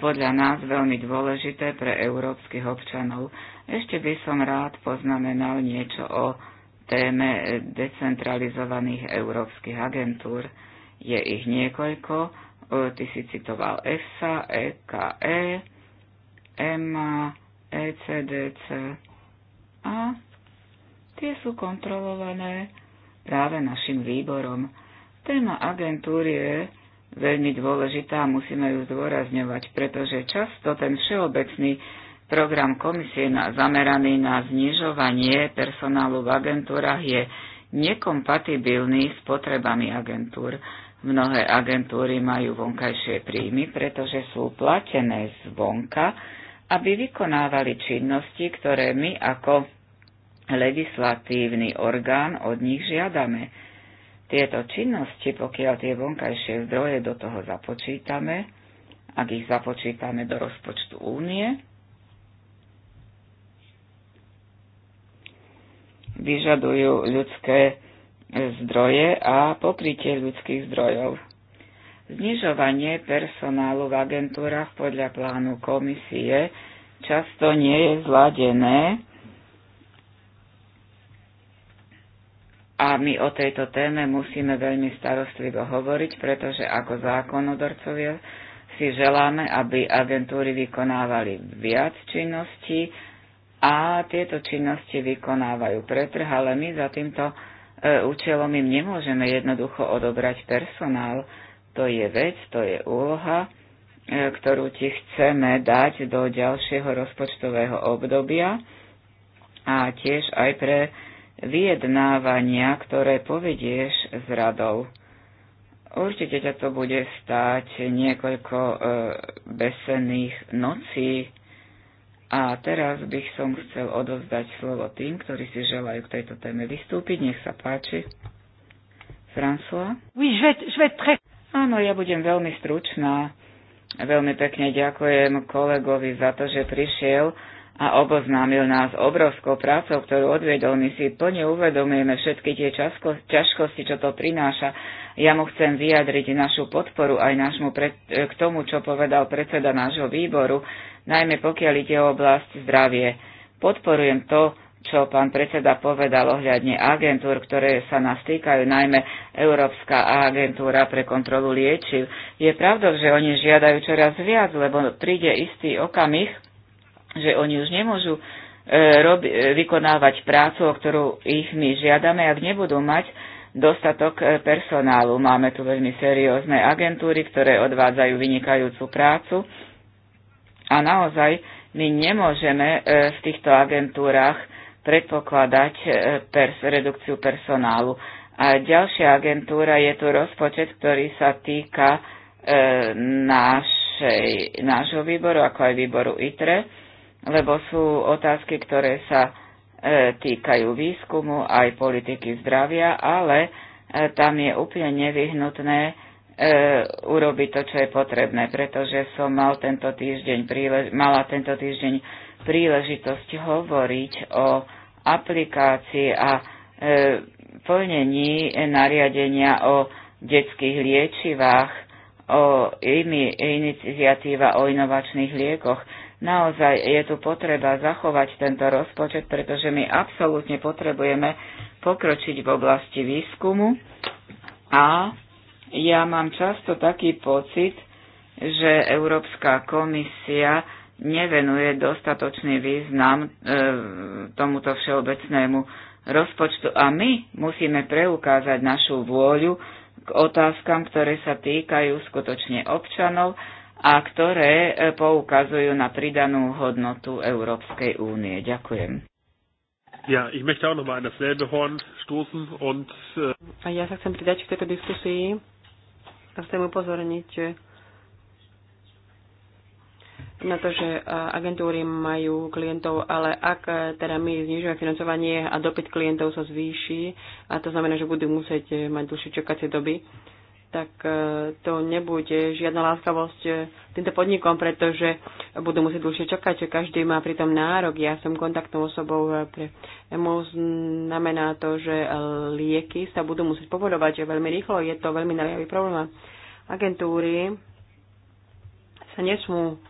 podľa nás veľmi dôležité pre európskych občanov. Ešte by som rád poznamenal niečo o téme e, decentralizovaných európskych agentúr. Je ich niekoľko. E, ty si citoval EFSA, EKE, EMA, ECDC. A tie sú kontrolované práve našim výborom. Téma agentúry je veľmi dôležitá musíme ju zdôrazňovať, pretože často ten všeobecný program komisie na, zameraný na znižovanie personálu v agentúrach je nekompatibilný s potrebami agentúr. Mnohé agentúry majú vonkajšie príjmy, pretože sú platené zvonka, aby vykonávali činnosti, ktoré my ako legislatívny orgán od nich žiadame. Tieto činnosti, pokiaľ tie vonkajšie zdroje do toho započítame, ak ich započítame do rozpočtu únie, vyžadujú ľudské zdroje a pokrytie ľudských zdrojov. Znižovanie personálu v agentúrach podľa plánu komisie často nie je zladené a my o tejto téme musíme veľmi starostlivo hovoriť, pretože ako zákonodarcovia si želáme, aby agentúry vykonávali viac činností a tieto činnosti vykonávajú pretrh, ale my za týmto E, účelom im nemôžeme jednoducho odobrať personál. To je vec, to je úloha, e, ktorú ti chceme dať do ďalšieho rozpočtového obdobia a tiež aj pre vyjednávania, ktoré povedieš s radou. Určite ťa to bude stáť niekoľko e, besených nocí, a teraz bych som chcel odovzdať slovo tým, ktorí si želajú k tejto téme vystúpiť. Nech sa páči. François? Oui, je vais, je vais très... Áno, ja budem veľmi stručná. Veľmi pekne ďakujem kolegovi za to, že prišiel a oboznámil nás obrovskou prácou, ktorú odvedol. My si plne uvedomujeme všetky tie časko, ťažkosti, čo to prináša. Ja mu chcem vyjadriť našu podporu aj našmu pred, k tomu, čo povedal predseda nášho výboru najmä pokiaľ ide o oblasť zdravie. Podporujem to, čo pán predseda povedal ohľadne agentúr, ktoré sa nás týkajú, najmä Európska agentúra pre kontrolu liečiv. Je pravdou, že oni žiadajú čoraz viac, lebo príde istý okamih, že oni už nemôžu e, robi, e, vykonávať prácu, o ktorú ich my žiadame, ak nebudú mať dostatok e, personálu. Máme tu veľmi seriózne agentúry, ktoré odvádzajú vynikajúcu prácu a naozaj my nemôžeme e, v týchto agentúrach predpokladať e, pers- redukciu personálu. A ďalšia agentúra je tu rozpočet, ktorý sa týka e, našej, nášho výboru, ako aj výboru ITRE, lebo sú otázky, ktoré sa e, týkajú výskumu aj politiky zdravia, ale e, tam je úplne nevyhnutné E, urobiť to, čo je potrebné, pretože som mal tento týždeň prílež- mala tento týždeň príležitosť hovoriť o aplikácii a e, plnení nariadenia o detských liečivách, o imi, iniciatíva o inovačných liekoch. Naozaj je tu potreba zachovať tento rozpočet, pretože my absolútne potrebujeme pokročiť v oblasti výskumu a ja mám často taký pocit, že Európska komisia nevenuje dostatočný význam e, tomuto všeobecnému rozpočtu a my musíme preukázať našu vôľu k otázkam, ktoré sa týkajú skutočne občanov a ktoré e, poukazujú na pridanú hodnotu Európskej únie. Ďakujem. Ja, ich möchte auch nochmal an das Horn stoßen und... E, a ja sa chcem pridať k tejto diskusii chcem upozorniť na to, že agentúry majú klientov, ale ak teda my znižujeme financovanie a dopyt klientov sa zvýši, a to znamená, že budú musieť mať dlhšie čakacie doby, tak e, to nebude žiadna láskavosť e, týmto podnikom, pretože budú musieť dlhšie čakať, že každý má pritom nárok. Ja som kontaktnou osobou e, pre EMU, znamená to, že lieky sa budú musieť povodovať veľmi rýchlo, je to veľmi naliavý problém. Agentúry sa nesmú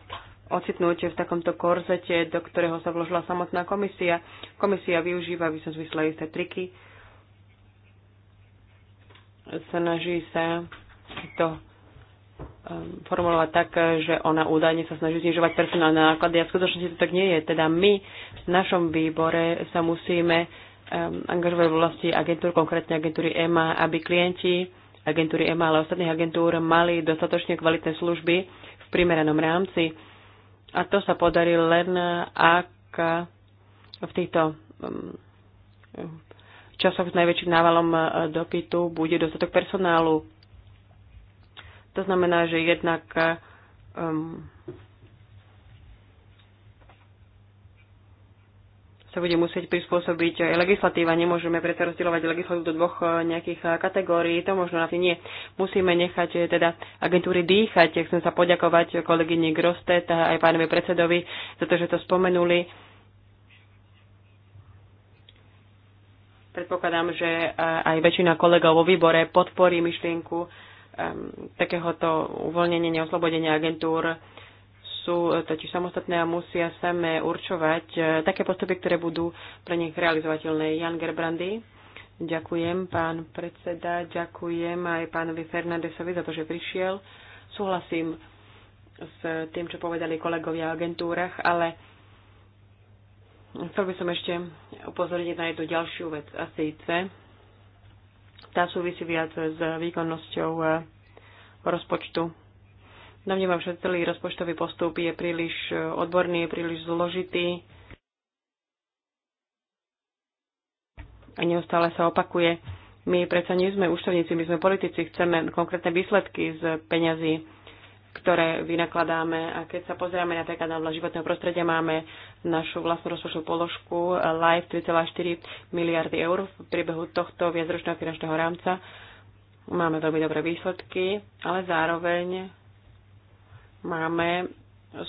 ocitnúť v takomto korzete, do ktorého sa vložila samotná komisia. Komisia využíva aby som zvyslela isté triky, snaží sa to um, formulovať tak, že ona údajne sa snaží znižovať personálne náklady a v skutočnosti to tak nie je. Teda my v našom výbore sa musíme um, angažovať v oblasti agentúr, konkrétne agentúry EMA, aby klienti agentúry EMA, ale ostatných agentúr mali dostatočne kvalitné služby v primeranom rámci. A to sa podarí len, ak v týchto um, časoch s najväčším návalom e, dopytu bude dostatok personálu. To znamená, že jednak um, sa bude musieť prispôsobiť aj legislatíva. Nemôžeme preto rozdielovať legislatívu do dvoch e, nejakých kategórií, to možno na nie. Musíme nechať teda agentúry dýchať. Chcem sa poďakovať kolegyni Grostet a aj pánovi predsedovi za to, že to spomenuli Predpokladám, že e, aj väčšina kolegov vo výbore podporí myšlienku um, takéhoto uvoľnenia, neoslobodenia agentúr. Sú e, totiž samostatné a musia same určovať uh, také postupy, ktoré budú pre nich realizovateľné. Jan Gerbrandy. Ďakujem, pán predseda. Ďakujem aj pánovi Fernandesovi za to, že prišiel. Súhlasím s tým, čo povedali kolegovia o agentúrach, ale Chcel by som ešte upozorniť na jednu ďalšiu vec a síce tá súvisí viac s výkonnosťou e, rozpočtu. Domnievam, že celý rozpočtový postup je príliš e, odborný, je príliš zložitý a neustále sa opakuje. My predsa nie sme účtovníci, my sme politici, chceme konkrétne výsledky z peňazí ktoré vynakladáme. A keď sa pozrieme napríklad na životného prostredia, máme našu vlastnú rozpočtovú položku LIFE 3,4 miliardy eur v priebehu tohto viacročného finančného rámca. Máme veľmi dobré výsledky, ale zároveň máme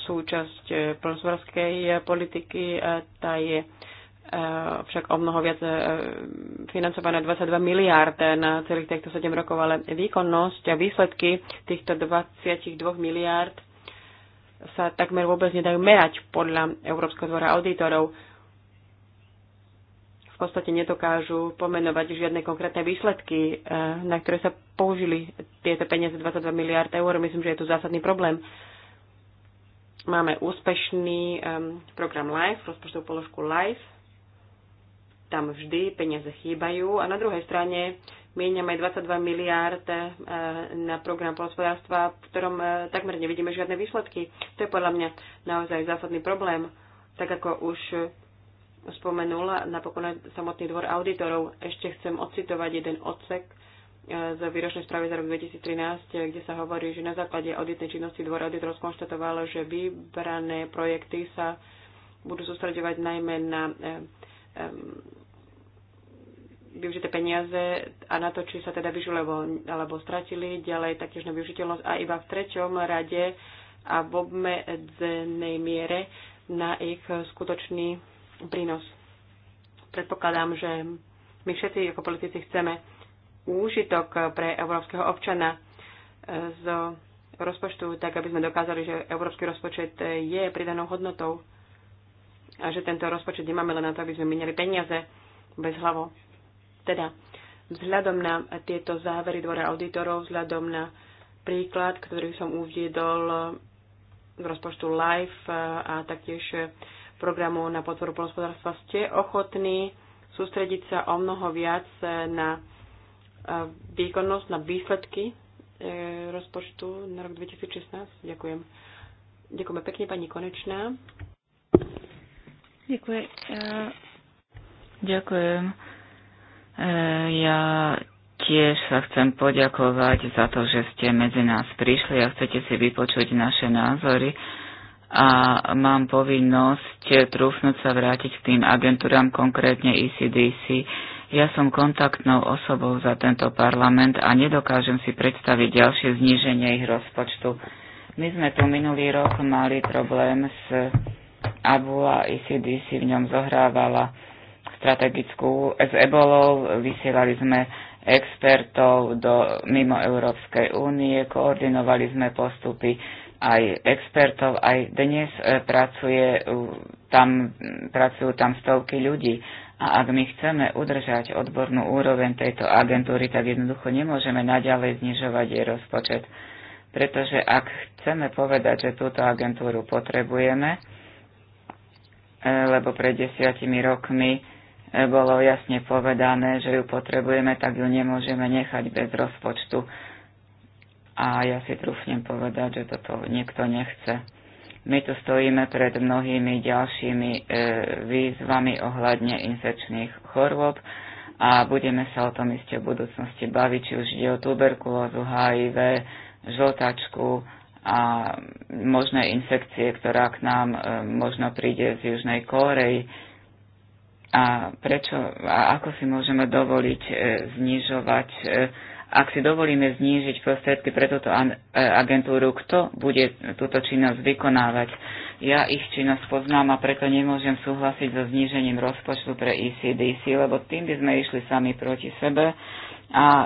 súčasť plnospodárskej politiky, tá je Eh, však o mnoho viac eh, financované 22 miliard eh, na celých týchto 7 rokov, ale výkonnosť a výsledky týchto 22 miliard sa takmer vôbec nedajú merať podľa Európskeho dvora auditorov. V podstate nedokážu pomenovať žiadne konkrétne výsledky, na ktoré sa použili tieto peniaze 22 miliard eur. Myslím, že je tu zásadný problém. Máme úspešný program LIFE, rozpočtovú položku LIFE, tam vždy peniaze chýbajú a na druhej strane aj 22 miliárd eh, na program pohospodárstva, v ktorom eh, takmer nevidíme žiadne výsledky. To je podľa mňa naozaj zásadný problém. Tak ako už spomenul napokon samotný dvor auditorov, ešte chcem ocitovať jeden odsek eh, z výročnej správy za rok 2013, kde sa hovorí, že na základe auditnej činnosti dvor auditorov skonštatovalo, že vybrané projekty sa budú sústredovať najmä na využité peniaze a na to, či sa teda vyžili alebo, alebo stratili, ďalej taktiež na využiteľnosť a iba v treťom rade a v obmedzenej miere na ich skutočný prínos. Predpokladám, že my všetci ako politici chceme úžitok pre európskeho občana z rozpočtu, tak aby sme dokázali, že európsky rozpočet je pridanou hodnotou a že tento rozpočet nemáme len na to, aby sme minili peniaze bez hlavo. Teda vzhľadom na tieto závery dvora auditorov, vzhľadom na príklad, ktorý som uviedol z rozpočtu LIFE a taktiež programu na podporu polospodárstva, ste ochotní sústrediť sa o mnoho viac na e, výkonnosť, na výsledky e, rozpočtu na rok 2016? Ďakujem. Ďakujeme pekne, pani Konečná. Ďakujem. E, ďakujem. E, ja tiež sa chcem poďakovať za to, že ste medzi nás prišli a chcete si vypočuť naše názory a mám povinnosť trúfnúť sa vrátiť k tým agentúram, konkrétne ECDC. Ja som kontaktnou osobou za tento parlament a nedokážem si predstaviť ďalšie zníženie ich rozpočtu. My sme tu minulý rok mali problém s Abula, ECDC v ňom zohrávala strategickú s ebolou, vysielali sme expertov do mimo Európskej únie, koordinovali sme postupy aj expertov, aj dnes e, pracuje tam, pracujú tam stovky ľudí. A ak my chceme udržať odbornú úroveň tejto agentúry, tak jednoducho nemôžeme naďalej znižovať jej rozpočet. Pretože ak chceme povedať, že túto agentúru potrebujeme, e, lebo pred desiatimi rokmi bolo jasne povedané, že ju potrebujeme, tak ju nemôžeme nechať bez rozpočtu. A ja si trúfnem povedať, že toto nikto nechce. My tu stojíme pred mnohými ďalšími e, výzvami ohľadne infekčných chorôb a budeme sa o tom iste v budúcnosti baviť, či už ide o tuberkulózu, HIV, žltačku a možné infekcie, ktorá k nám e, možno príde z Južnej kórey a prečo a ako si môžeme dovoliť e, znižovať, e, ak si dovolíme znížiť prostriedky pre túto an, e, agentúru, kto bude túto činnosť vykonávať. Ja ich činnosť poznám a preto nemôžem súhlasiť so znížením rozpočtu pre ECDC, lebo tým by sme išli sami proti sebe a e,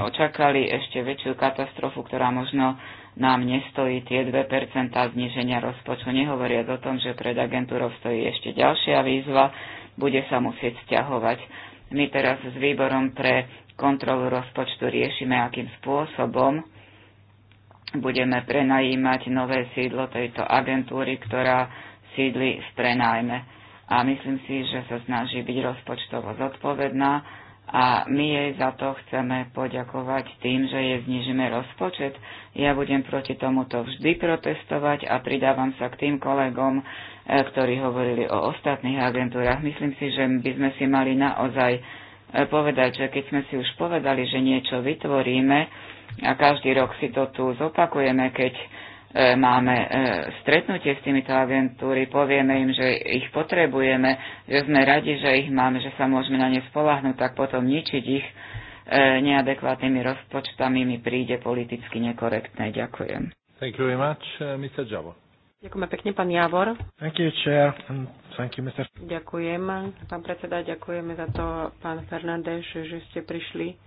očakali ešte väčšiu katastrofu, ktorá možno nám nestojí tie 2% zniženia rozpočtu. Nehovoria o tom, že pred agentúrou stojí ešte ďalšia výzva, bude sa musieť stiahovať. My teraz s výborom pre kontrolu rozpočtu riešime, akým spôsobom budeme prenajímať nové sídlo tejto agentúry, ktorá sídli v prenajme. A myslím si, že sa snaží byť rozpočtovo zodpovedná a my jej za to chceme poďakovať tým, že jej znižíme rozpočet. Ja budem proti tomuto vždy protestovať a pridávam sa k tým kolegom, e, ktorí hovorili o ostatných agentúrach. Myslím si, že by sme si mali naozaj e, povedať, že keď sme si už povedali, že niečo vytvoríme a každý rok si to tu zopakujeme, keď E, máme e, stretnutie s týmito agentúry, povieme im, že ich potrebujeme, že sme radi, že ich máme, že sa môžeme na ne spolahnúť, tak potom ničiť ich e, neadekvátnymi rozpočtami mi príde politicky nekorektné. Ďakujem. Thank you very much, uh, Mr. Javo. Ďakujeme pekne, pán Javor. Thank you, chair. Thank you, Mr. Ďakujem, pán predseda, ďakujeme za to, pán Fernández, že ste prišli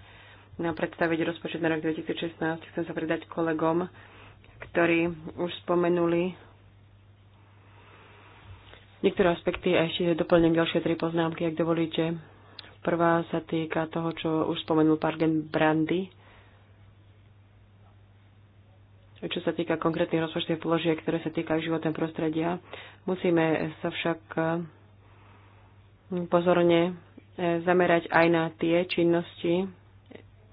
na predstaviť rozpočet na rok 2016. Chcem sa pridať kolegom ktorí už spomenuli niektoré aspekty a ešte doplním ďalšie tri poznámky, ak dovolíte. Prvá sa týka toho, čo už spomenul Pargen Brandy, čo sa týka konkrétnych rozpočtových položiek, ktoré sa týkajú životného prostredia. Musíme sa však eh, pozorne eh, zamerať aj na tie činnosti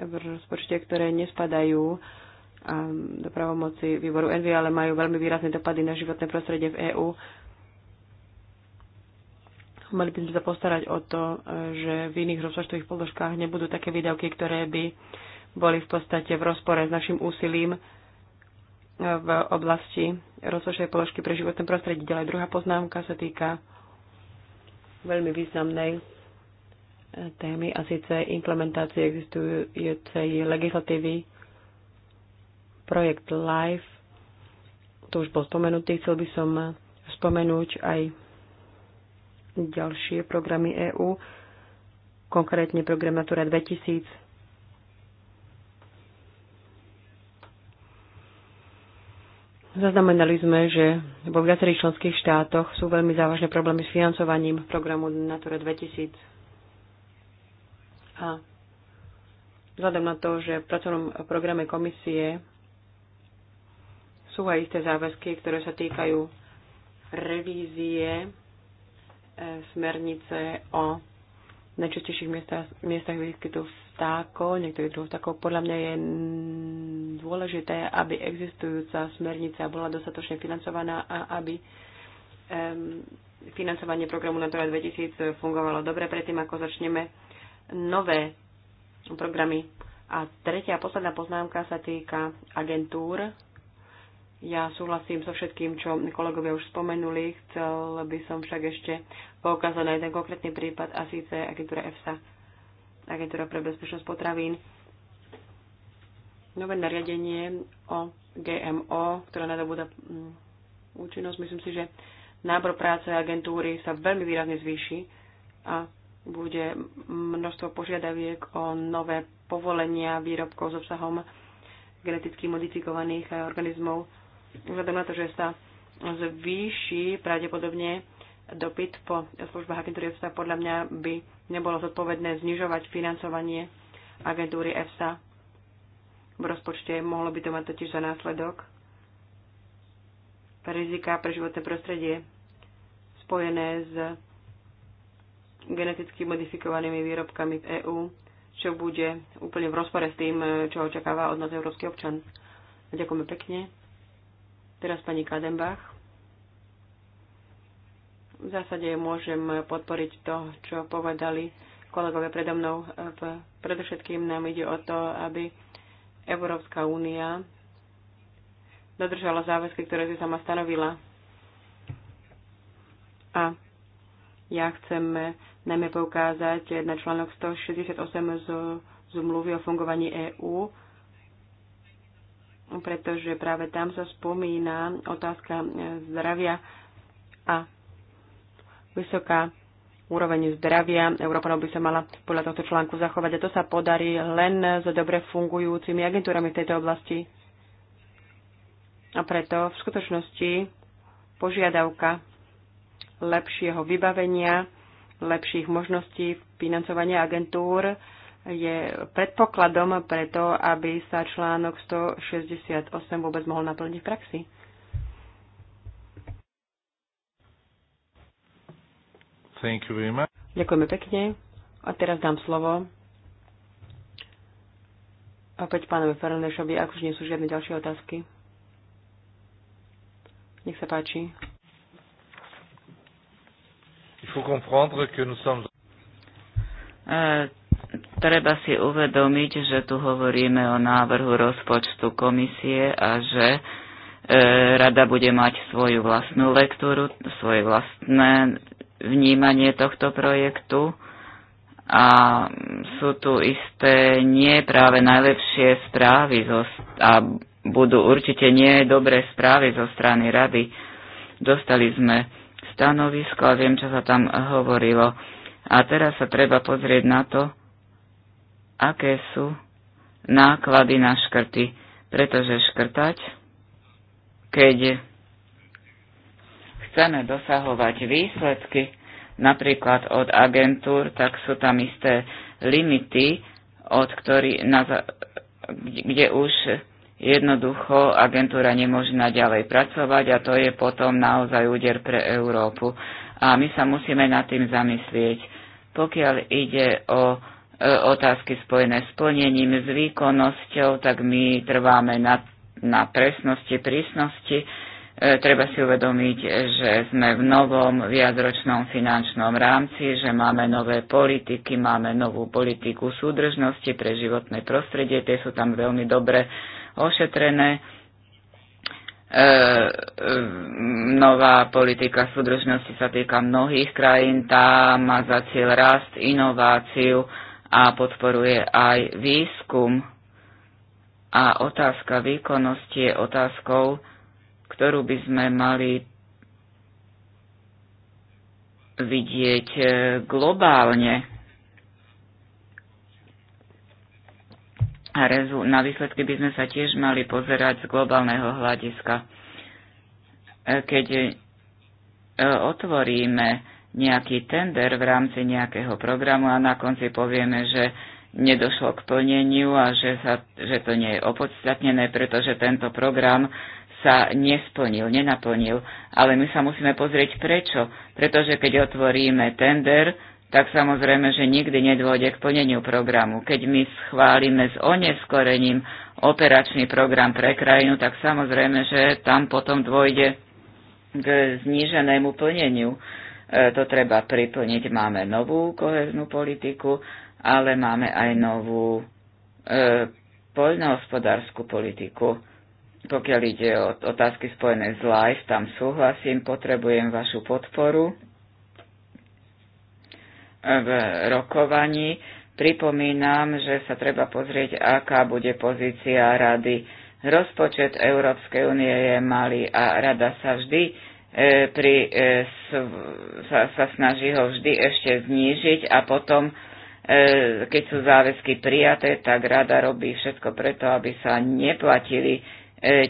v rozpočte, ktoré nespadajú do pravomoci výboru Envy, ale majú veľmi výrazné dopady na životné prostredie v EÚ. Mali by sme sa postarať o to, že v iných rozpočtových položkách nebudú také výdavky, ktoré by boli v podstate v rozpore s našim úsilím v oblasti rozpočtovej položky pre životné prostredie. Ďalej druhá poznámka sa týka veľmi významnej témy a síce implementácie existujúcej legislatívy Projekt LIFE, to už bol spomenutý, chcel by som spomenúť aj ďalšie programy EÚ, konkrétne program Natura 2000. Zaznamenali sme, že vo viacerých členských štátoch sú veľmi závažné problémy s financovaním programu Natura 2000. A vzhľadom na to, že v pracovnom programe komisie sú aj isté záväzky, ktoré sa týkajú revízie e, smernice o najčastejších miestach, miestach výskytu vtákov, niektorých druhov vtákov. Podľa mňa je dôležité, aby existujúca smernica bola dostatočne financovaná a aby um, financovanie programu Natura 2000 fungovalo dobre predtým, ako začneme nové programy. A tretia a posledná poznámka sa týka agentúr ja súhlasím so všetkým, čo kolegovia už spomenuli. Chcel by som však ešte poukázať na jeden konkrétny prípad a síce agentúra EFSA, agentúra pre bezpečnosť potravín. Nové nariadenie o GMO, ktoré nadobúda mm, účinnosť, myslím si, že nábor práce agentúry sa veľmi výrazne zvýši a bude množstvo požiadaviek o nové povolenia výrobkov s obsahom geneticky modifikovaných organizmov vzhľadom na to, že sa zvýši pravdepodobne dopyt po službách agentúry EFSA, podľa mňa by nebolo zodpovedné znižovať financovanie agentúry EFSA v rozpočte. Mohlo by to mať totiž za následok rizika pre životné prostredie spojené s geneticky modifikovanými výrobkami v EÚ, čo bude úplne v rozpore s tým, čo očakáva od nás európsky občan. Ďakujeme pekne. Teraz pani Kadenbach. V zásade môžem podporiť to, čo povedali kolegovia predo mnou. Predovšetkým nám ide o to, aby Európska únia dodržala záväzky, ktoré si sama stanovila. A ja chcem najmä poukázať na článok 168 z zmluvy o fungovaní EÚ, pretože práve tam sa spomína otázka e, zdravia a vysoká úroveň zdravia Európanov by sa mala podľa tohto článku zachovať a to sa podarí len so dobre fungujúcimi agentúrami v tejto oblasti. A preto v skutočnosti požiadavka lepšieho vybavenia, lepších možností financovania agentúr je predpokladom pre to, aby sa článok 168 vôbec mohol naplniť v praxi. Thank you very much. Ďakujeme pekne. A teraz dám slovo opäť pánovi Fernandešovi, ak už nie sú žiadne ďalšie otázky. Nech sa páči. Il faut comprendre que nous sommes... Uh, treba si uvedomiť, že tu hovoríme o návrhu rozpočtu komisie a že e, rada bude mať svoju vlastnú lektúru, svoje vlastné vnímanie tohto projektu a sú tu isté nie práve najlepšie správy zo, a budú určite nie dobré správy zo strany rady. Dostali sme stanovisko a viem, čo sa tam hovorilo. A teraz sa treba pozrieť na to, aké sú náklady na škrty, pretože škrtať, keď chceme dosahovať výsledky, napríklad od agentúr, tak sú tam isté limity, od ktorý, na, kde už jednoducho agentúra nemôže naďalej pracovať a to je potom naozaj úder pre Európu. A my sa musíme nad tým zamyslieť. Pokiaľ ide o E, otázky spojené s plnením, s výkonnosťou, tak my trváme na, na presnosti, prísnosti. E, treba si uvedomiť, že sme v novom viacročnom finančnom rámci, že máme nové politiky, máme novú politiku súdržnosti pre životné prostredie, tie sú tam veľmi dobre ošetrené. E, e, nová politika súdržnosti sa týka mnohých krajín, tá má za cieľ rast, inováciu, e, a podporuje aj výskum. A otázka výkonnosti je otázkou, ktorú by sme mali vidieť e, globálne. A na výsledky by sme sa tiež mali pozerať z globálneho hľadiska. E, keď e, otvoríme nejaký tender v rámci nejakého programu a na konci povieme, že nedošlo k plneniu a že, sa, že to nie je opodstatnené, pretože tento program sa nesplnil, nenaplnil. Ale my sa musíme pozrieť prečo. Pretože keď otvoríme tender, tak samozrejme, že nikdy nedôjde k plneniu programu. Keď my schválime s oneskorením operačný program pre krajinu, tak samozrejme, že tam potom dôjde k zníženému plneniu. E, to treba priplniť. Máme novú koheznú politiku, ale máme aj novú e, poľnohospodárskú politiku. Pokiaľ ide o otázky spojené s LIFE, tam súhlasím, potrebujem vašu podporu v rokovaní. Pripomínam, že sa treba pozrieť, aká bude pozícia rady. Rozpočet Európskej únie je malý a rada sa vždy E, pri, e, sa, sa snaží ho vždy ešte znížiť a potom, e, keď sú záväzky prijaté, tak rada robí všetko preto, aby sa neplatili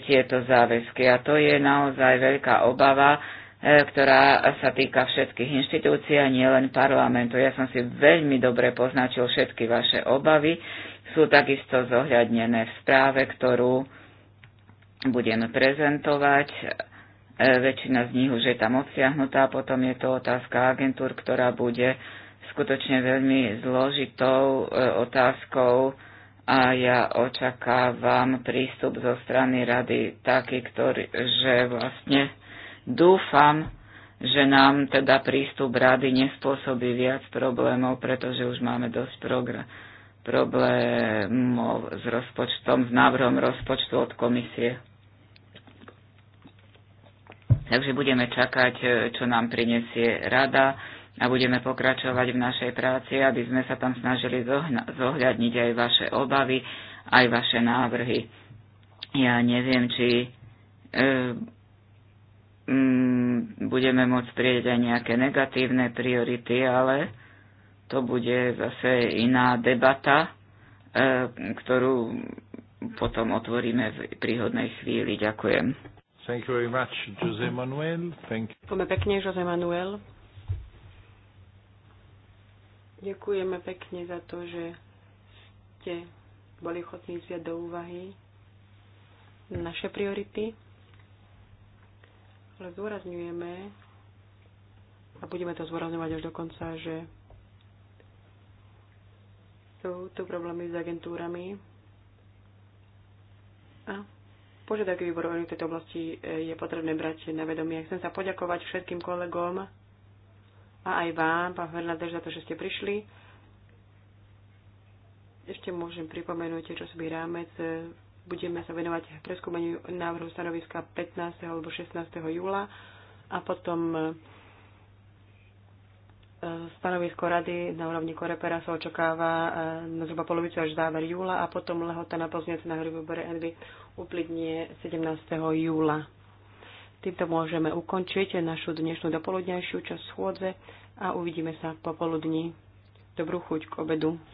tieto záväzky. A to je naozaj veľká obava, ktorá sa týka všetkých inštitúcií a nielen parlamentu. Ja som si veľmi dobre poznačil všetky vaše obavy. Sú takisto zohľadnené v správe, ktorú budem prezentovať E, väčšina z nich už je tam obsiahnutá, potom je to otázka agentúr, ktorá bude skutočne veľmi zložitou e, otázkou a ja očakávam prístup zo strany rady taký, ktorý, že vlastne dúfam, že nám teda prístup rady nespôsobí viac problémov, pretože už máme dosť progra- problémov s rozpočtom, s návrhom rozpočtu od komisie. Takže budeme čakať, e, čo nám prinesie rada a budeme pokračovať v našej práci, aby sme sa tam snažili zohľadniť aj vaše obavy, aj vaše návrhy. Ja neviem, či e, m, mm, budeme môcť prieť aj nejaké negatívne priority, ale to bude zase iná debata, e, ktorú potom otvoríme v príhodnej chvíli. Ďakujem. Thank you very much, José Manuel. Thank you. Ďakujeme pekne, José Manuel. Ďakujeme pekne za to, že ste boli ochotní vziať do úvahy naše priority, ale zúrazňujeme a budeme to zúrazňovať až do konca, že sú tu problémy s agentúrami a Požiadavky výboru v tejto oblasti e, je potrebné brať na vedomie. Chcem sa poďakovať všetkým kolegom a aj vám, pán Fernández, za to, že ste prišli. Ešte môžem pripomenúť sú rámec. E, budeme sa venovať preskúmeniu návrhu stanoviska 15. alebo 16. júla a potom e, stanovisko rady na úrovni korepera sa očakáva na zhruba polovicu až záver júla a potom lehota na pozniec na výbore Envy uplynie 17. júla. Týmto môžeme ukončiť našu dnešnú dopoludňajšiu časť schôdze a uvidíme sa popoludní. Dobrú chuť k obedu.